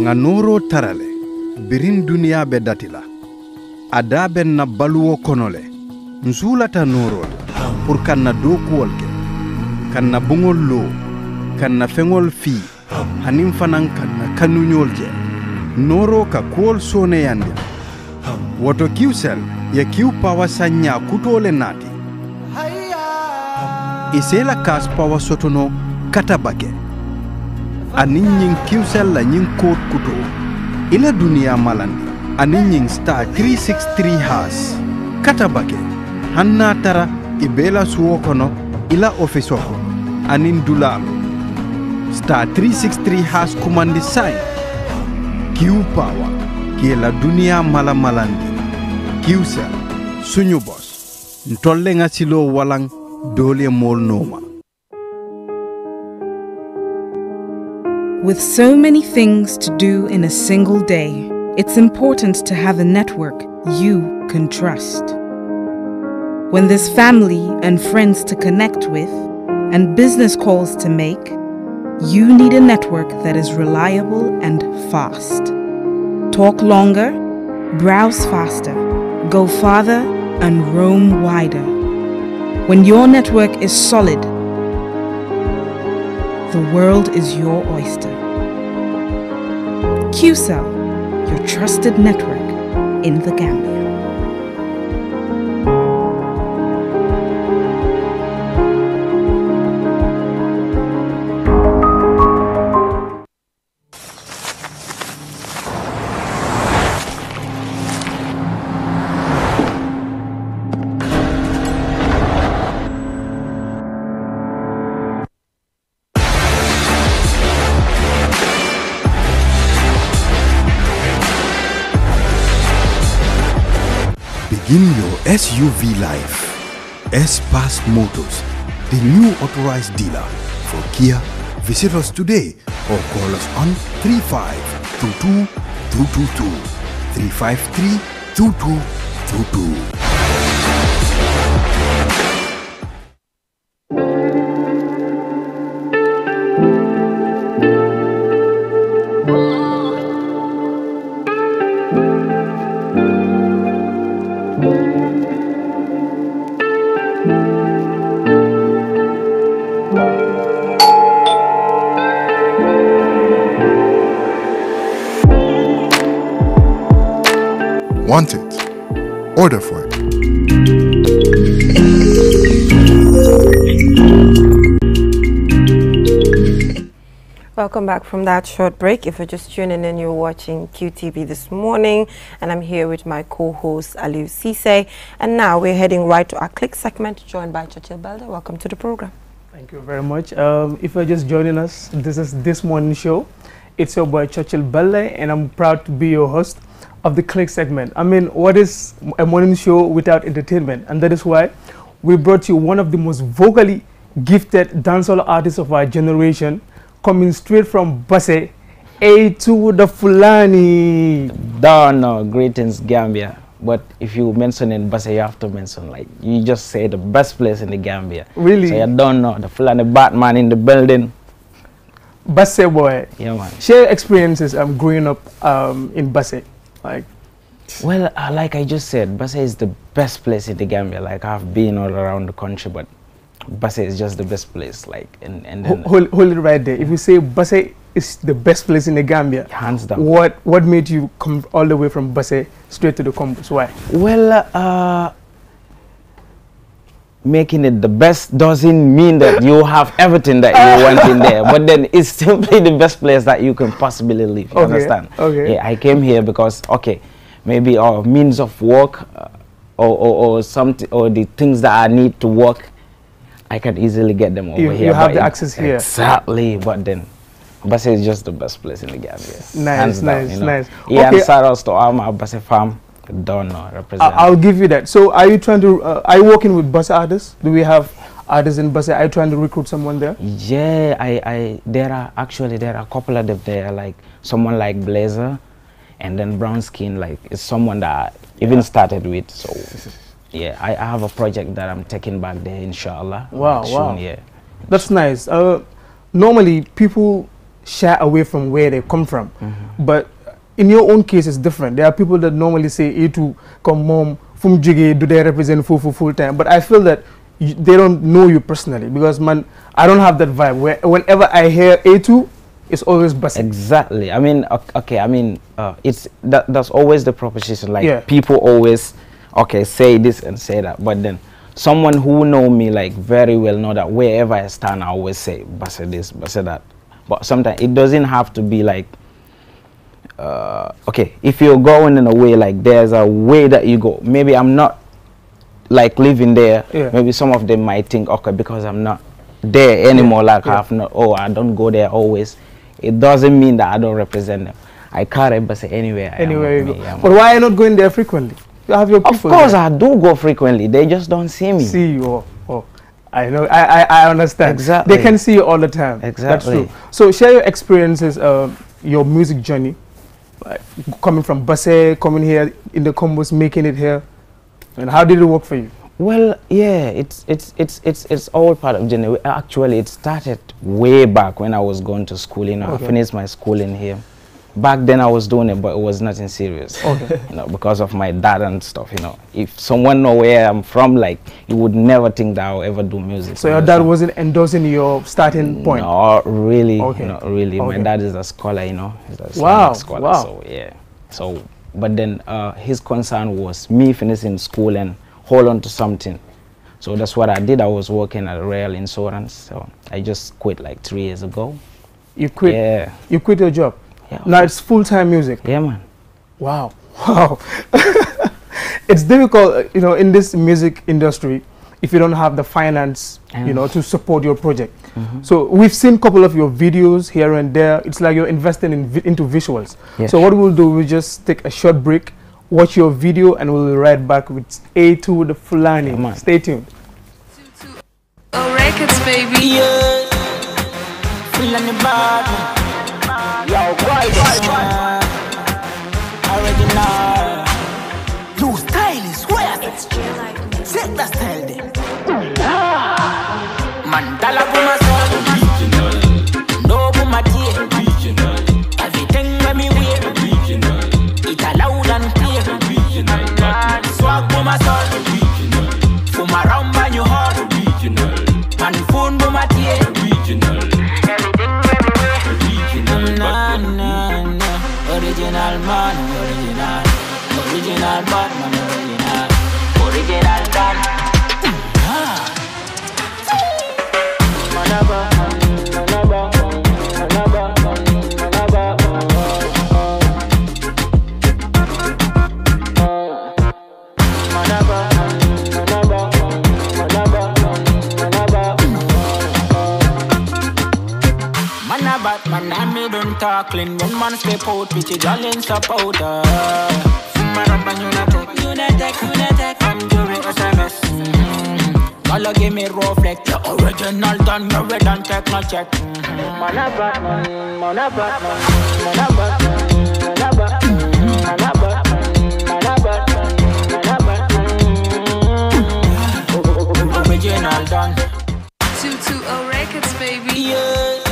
nga nooro tarale birin duniya be datila ada ben na baluwo konole nsulata noorol pour kan na dookuwol ke kan na buŋol loo kan na feŋol fii hanin fanan kan na kanuɲol jɛ noro ka kuwol soneyandi woto kiwsel ye kiw pawa sanɲa kutole naati isela kas pawa sotono kata bake aniŋ ñiŋ kiusel la ñiŋ koot kuto ila duniya malandi aniŋ ñiŋ star 363 has kata bake haŋ naa tara i bee la suwo kono ila ofiso kono aniŋ dulaalu star 363 has command sign Q power la dunia mala malandi Q suñu boss ntolle nga ci lo walang dole mol noma With so many things to do in a single day, it's important to have a network you can trust. When there's family and friends to connect with, and business calls to make, you need a network that is reliable and fast. Talk longer, browse faster, go farther, and roam wider. When your network is solid, the world is your oyster. QCell, your trusted network in the Gambia. SUV Life, S-Pass Motors, the new authorized dealer for Kia. Visit us today or call us on 3522 353 2222. Welcome back from that short break. If you're just tuning in, you're watching QTV this morning, and I'm here with my co-host Aliu Sise. And now we're heading right to our click segment, joined by Churchill Belder. Welcome to the program. Thank you very much. Um, if you're just joining us, this is this morning show. It's your boy Churchill Belder, and I'm proud to be your host of the click segment. I mean, what is a morning show without entertainment? And that is why we brought you one of the most vocally gifted dancehall artists of our generation coming straight from Basse. A to the Fulani. No, no, uh, greetings Gambia. But if you mention in Basse, you have to mention like you just say the best place in the Gambia. Really? So you don't know the Fulani Batman in the building. Basse boy. Yeah man. Share experiences um growing up um in Basse. Like Well, uh, like I just said, Basse is the best place in the Gambia. Like I've been all around the country, but Basse is just the best place. Like, and, and then, hold, hold it right there. If you say Basse is the best place in the Gambia, hands down. What what made you come all the way from Basse straight to the Combos? Why? Well, uh, making it the best doesn't mean that you have everything that you want in there, but then it's simply the best place that you can possibly live. You okay. understand? Okay. Yeah, I came here because okay, maybe our uh, means of work. Uh, or, or, or something or the things that I need to work I can easily get them over you, here. You have the access here. Exactly, but then Obasa is just the best place in the Gambia. Nice, Hands nice, down, you know? nice. Yeah, okay. and Saros to Alma farm. Don't know, represent. I'll give you that. So, are you trying to? Uh, are you working with Basa artists? Do we have artists in Basa? Are you trying to recruit someone there? Yeah, I, I. There are actually there are a couple of them there, like someone like Blazer, and then Brown Skin. Like it's someone that I even started with. So yeah, I, I have a project that I'm taking back there, inshallah. Wow, soon, wow. Yeah. That's nice. Uh, normally, people shy away from where they come from. Mm -hmm. But in your own case, it's different. There are people that normally say, a to come home, from Jige, do they represent full, full, full time? But I feel that they don't know you personally because, man, I don't have that vibe. Where, whenever I hear A2, it's always busted. Exactly. I mean, okay, I mean, uh, it's that, that's always the proposition. Like, yeah. people always okay, say this and say that. But then someone who know me like very well know that wherever I stand, I always say, but say this, but say that. But sometimes it doesn't have to be like, uh, okay, if you're going in a way like there's a way that you go. Maybe I'm not like living there. Yeah. Maybe some of them might think, okay, because I'm not there anymore, yeah. like yeah. I've not, oh, I don't go there always. It doesn't mean that I don't represent them. I can't represent anywhere. Anywhere you go. Me, but why are you not going there frequently? You have your people. Of course, there. I do go frequently. They just don't see me. See you. Oh, oh. I know. I, I, I understand. Exactly. They can see you all the time. Exactly. That's true. So share your experiences, uh, your music journey, like uh, coming from Basse, coming here in the combos, making it here, and how did it work for you? Well, yeah, it's it's it's it's it's all part of journey. Actually, it started way back when I was going to school. You know, okay. I finished my schooling here back then I was doing it, but it was nothing serious. Okay. You know, because of my dad and stuff, you know. If someone know where I'm from, like, you would never think that I'll ever do music. So your dad wasn't endorsing your starting point? No, really, okay. not really. Okay. My dad is a scholar, you know. He's a wow. scholar, wow. so yeah. So, but then uh, his concern was me finishing school and hold on to something. So that's what I did. I was working at Rail Insurance, so I just quit like three years ago. You quit? Yeah. You quit your job? Yeah. Now it's full-time music. Yeah, man. Wow. Wow. it's difficult, you know, in this music industry if you don't have the finance, you know, to support your project. Mm -hmm. So we've seen a couple of your videos here and there. It's like you're investing in vi into visuals. Yes. So what we'll do, we'll just take a short break, watch your video, and we'll be right back with A2 The Fulani. Yeah, Stay tuned. Oh, records, baby. Yeah. Yo, private. Uh, original. Your style is weird. Check that style then. Ah. Mandala Buma Sol. No Buma Tia. Everything when me loud and clear. Swag original, bad man original Original bad Manaba, manaba, manaba Man, I me don't talk clean. One man step out, bitch, you jolly and support her. Uh my rap and you I'm doing give me raw flex. The original done me red and check, no check. Mana brat, mana brat, mana brat, mana mana Original done. 220 records, baby. Yeah.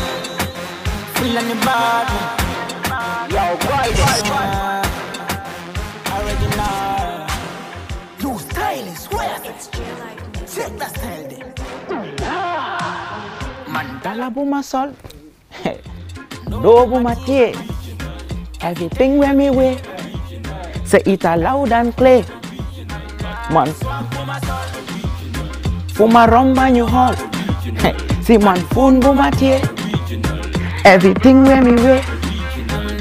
Feeling the body. Yo, why? now. Your style is weird. Check the style then. Mandala buma sol. Do buma tie. Everything where me way. Say it loud and clear. Man. Fuma rumba you hall. See man phone buma tie. Everything where me way.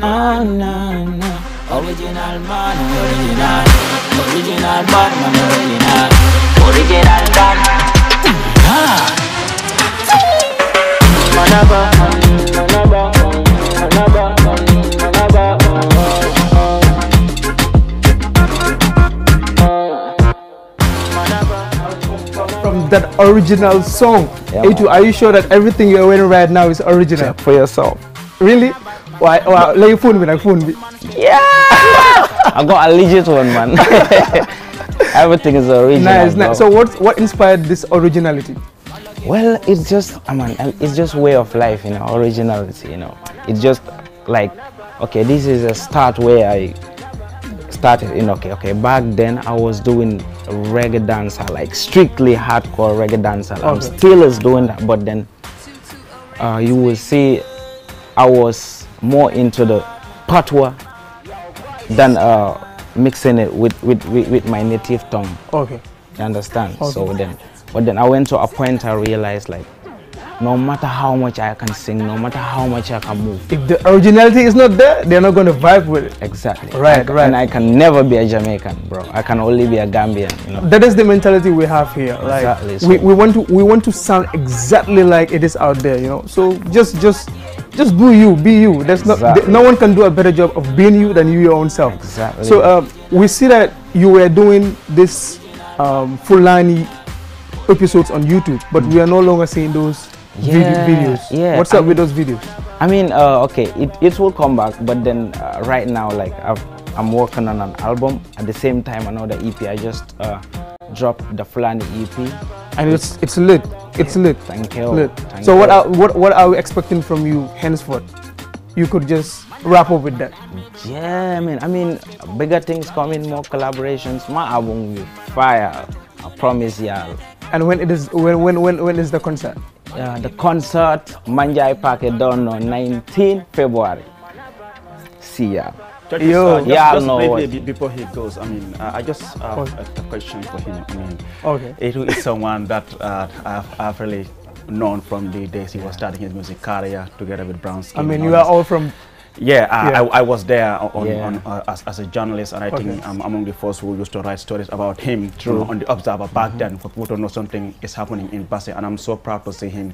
Ah, oh, no, Original man, original Original Batman, original Original man. Manaba, manaba, manaba, manaba From that original song, yeah, Etu, are you sure that everything you're wearing right now is original? Check for yourself. Really? Why? Why? you phone me, like phone me. Yeah! I got a legit one, man. Everything is original. Nice, nice. So what what inspired this originality? Well, it's just I mean, it's just way of life, you know, originality, you know. It's just like, okay, this is a start where I started in okay okay back then i was doing reggae dancer like strictly hardcore reggae dancer okay. i'm still is doing that but then uh, you will see i was more into the patwa than uh, mixing it with, with, with, my native tongue. Okay. You understand? Okay. So then, but then I went to a point I realized like no matter how much I can sing, no matter how much I can move. If the originality is not there, they're not going to vibe with it. Exactly. Right, I, right. And I can never be a Jamaican, bro. I can only be a Gambian. You know? That is the mentality we have here. Like, exactly. So. We, we want to we want to sound exactly like it is out there, you know. So just just just do you, be you. That's exactly. not no one can do a better job of being you than you your own self. Exactly. So um, we see that you were doing this um, line episodes on YouTube, but mm. we are no longer seeing those yeah, videos. Yeah. What's up I with those videos? I mean, uh, okay, it, it will come back, but then uh, right now, like i am working on an album. At the same time, another EP. I just uh, dropped the Fulani EP, and it's it's lit. It's lit. Thank you. Lit. Thank so you. what are what what are we expecting from you henceforth? You could just wrap up with that. Yeah, I mean, I mean, bigger things coming, more collaborations. My album will fire. I promise y'all. And when it is when when when when is the concert? uh, the concert, Manjai Park, done on 19 February. See ya. Church, you uh, just, yeah, just no. Maybe before he goes, I mean, uh, I just have oh. a, a, question for him. I mean, okay. it is someone that uh, I've, I've really known from the days he was starting his music career together with Brown Skin. I mean, you are all from yeah, I, yeah. I, I, was there on, yeah. on, uh, as, as, a journalist, and I okay. think I'm among the first who used to write stories about him through on the Observer back mm -hmm. then for people to know something is happening in Basel, and I'm so proud to see him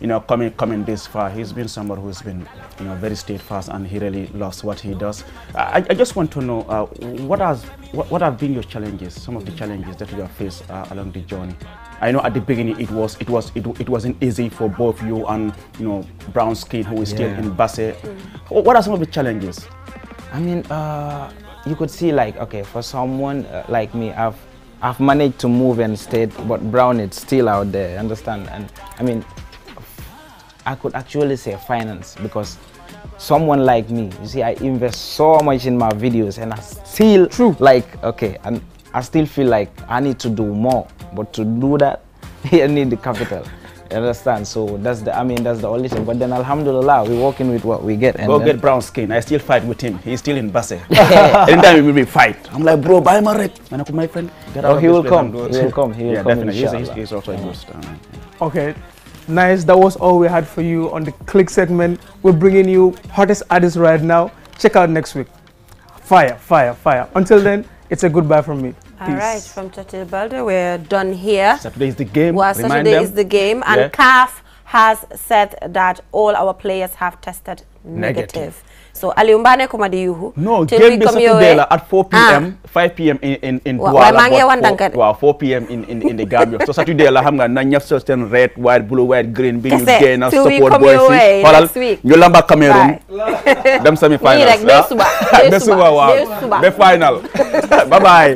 you know, coming coming this far, he's been somebody who's been, you know, very steadfast, and he really loves what he does. I, I just want to know uh, what has what, what, have been your challenges, some of the challenges that you have faced uh, along the journey. I know at the beginning it was it was it, it wasn't easy for both you and you know brown skin who is yeah. still in Basse. Mm. What are some of the challenges? I mean, uh, you could see like okay for someone uh, like me, I've I've managed to move and stay, but brown it's still out there. Understand? And I mean, I could actually say finance because someone like me, you see, I invest so much in my videos, and I still True. like okay, and I still feel like I need to do more but to do that, you need the capital. You understand? So that's the, I mean, that's the only thing. But then, alhamdulillah, we're working with what we get. And Go get brown skin. I still fight with him. He's still in Basse. Anytime we will be fight. I'm like, bro, buy my rep. And I call my friend, get out oh, he will come. He will come. He will yeah, come. Definitely. He's, he's, also yeah. a good star. Okay. Nice. That was all we had for you on the click segment. We're bringing you hottest artists right now. Check out next week. Fire, fire, fire. Until then, it's a goodbye from me. All Peace. right, from Churchill Balder, we're done here. Saturday is the game. Well, Remind Saturday them. is the game, and yeah. CAF has said that all our players have tested negative. negative. so Aliou mbaa nekkuma di yuuxu. non game bi Saturday la at 4 pm. 5 pm in in in. waaw waaye maa ngi yeewoon danka de waaw 4 pm in in in the so Saturday la xam nga na ñëpp so seen red white blue white green. bi ñu génn support boys yi xoolal ñu lamba Cameroon. dem semi final. nii rek de ah. suba de suba waaw final bye bye.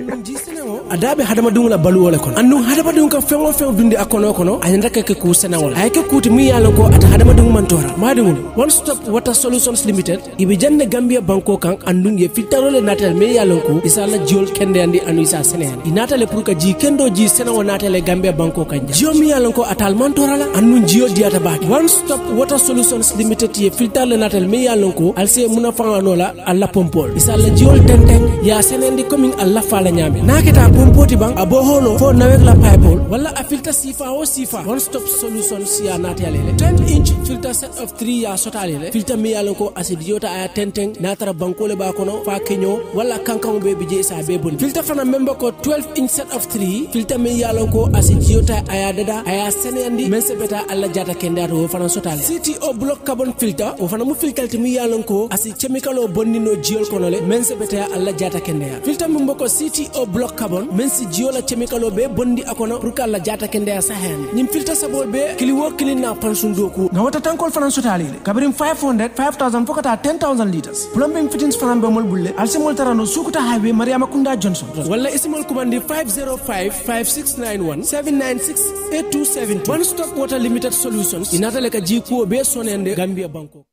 a adabe hadamadenw la baluwo le kono anduŋ hadamadenw ka feŋ o feŋ dundi a kono kono a ñanta ka ke kuu senawo le a ye ke kuuti miŋ ye a loŋ ko ata hadamadenw man tora maadiŋolu one stop water solutions limited i be janne gambia banko kaŋ anduŋ ye filtaro le naata le meŋ ye a loŋ ko i la jiyol kendeyandi anu isa se seneyandi i naata le pour ka jii kendo jii senawo naata le gambia banko kaŋ ja jiyo miŋ ye a loŋ ko atal man tora la anduŋ jiyo diyata baake one stop water solutions limited ye filtar le naata le meŋ ye a loŋ ko ali se munafaŋo la alla pompol i se a la jiyol tenteŋ ye a senendi commiŋ alla faa la ñaame naa keta ɗum poti ban a boholo fo nawekla pipol walla a filta sifa o sifa one stop solution siya alele 20 inch filta set of 3 ya sotalele filta mi yalon ko acide yota aya tenteng natara bankole ba kono fa keño walla kankan be bije sa be bon filta fana memba ko 12 inch set of 3 filta mi yalon ko acide yota aya dada aya seneyandi men beta alla jata kendato o fana city o block carbon filter o fana mu filtalte mi yalon ko asi chemical o bonnino jiol kono le men beta alla jata kendeya filta mi mboko o block carbon min si jiyola chemical be bondi akono pour kala jatake hen nim filter filta bol be kili wo kili na sun doku nga wata tankol fanan sotalile kabrim 500 5000 fokata 10000 liters plumbing fittings fanan be mol bulle alsimol tarano sukuta highway mariama kunda johnson walla ismol kumandi 505 5691 796 8272 one stop water limited solutions inatale ka jikuwo be sonende gambia banko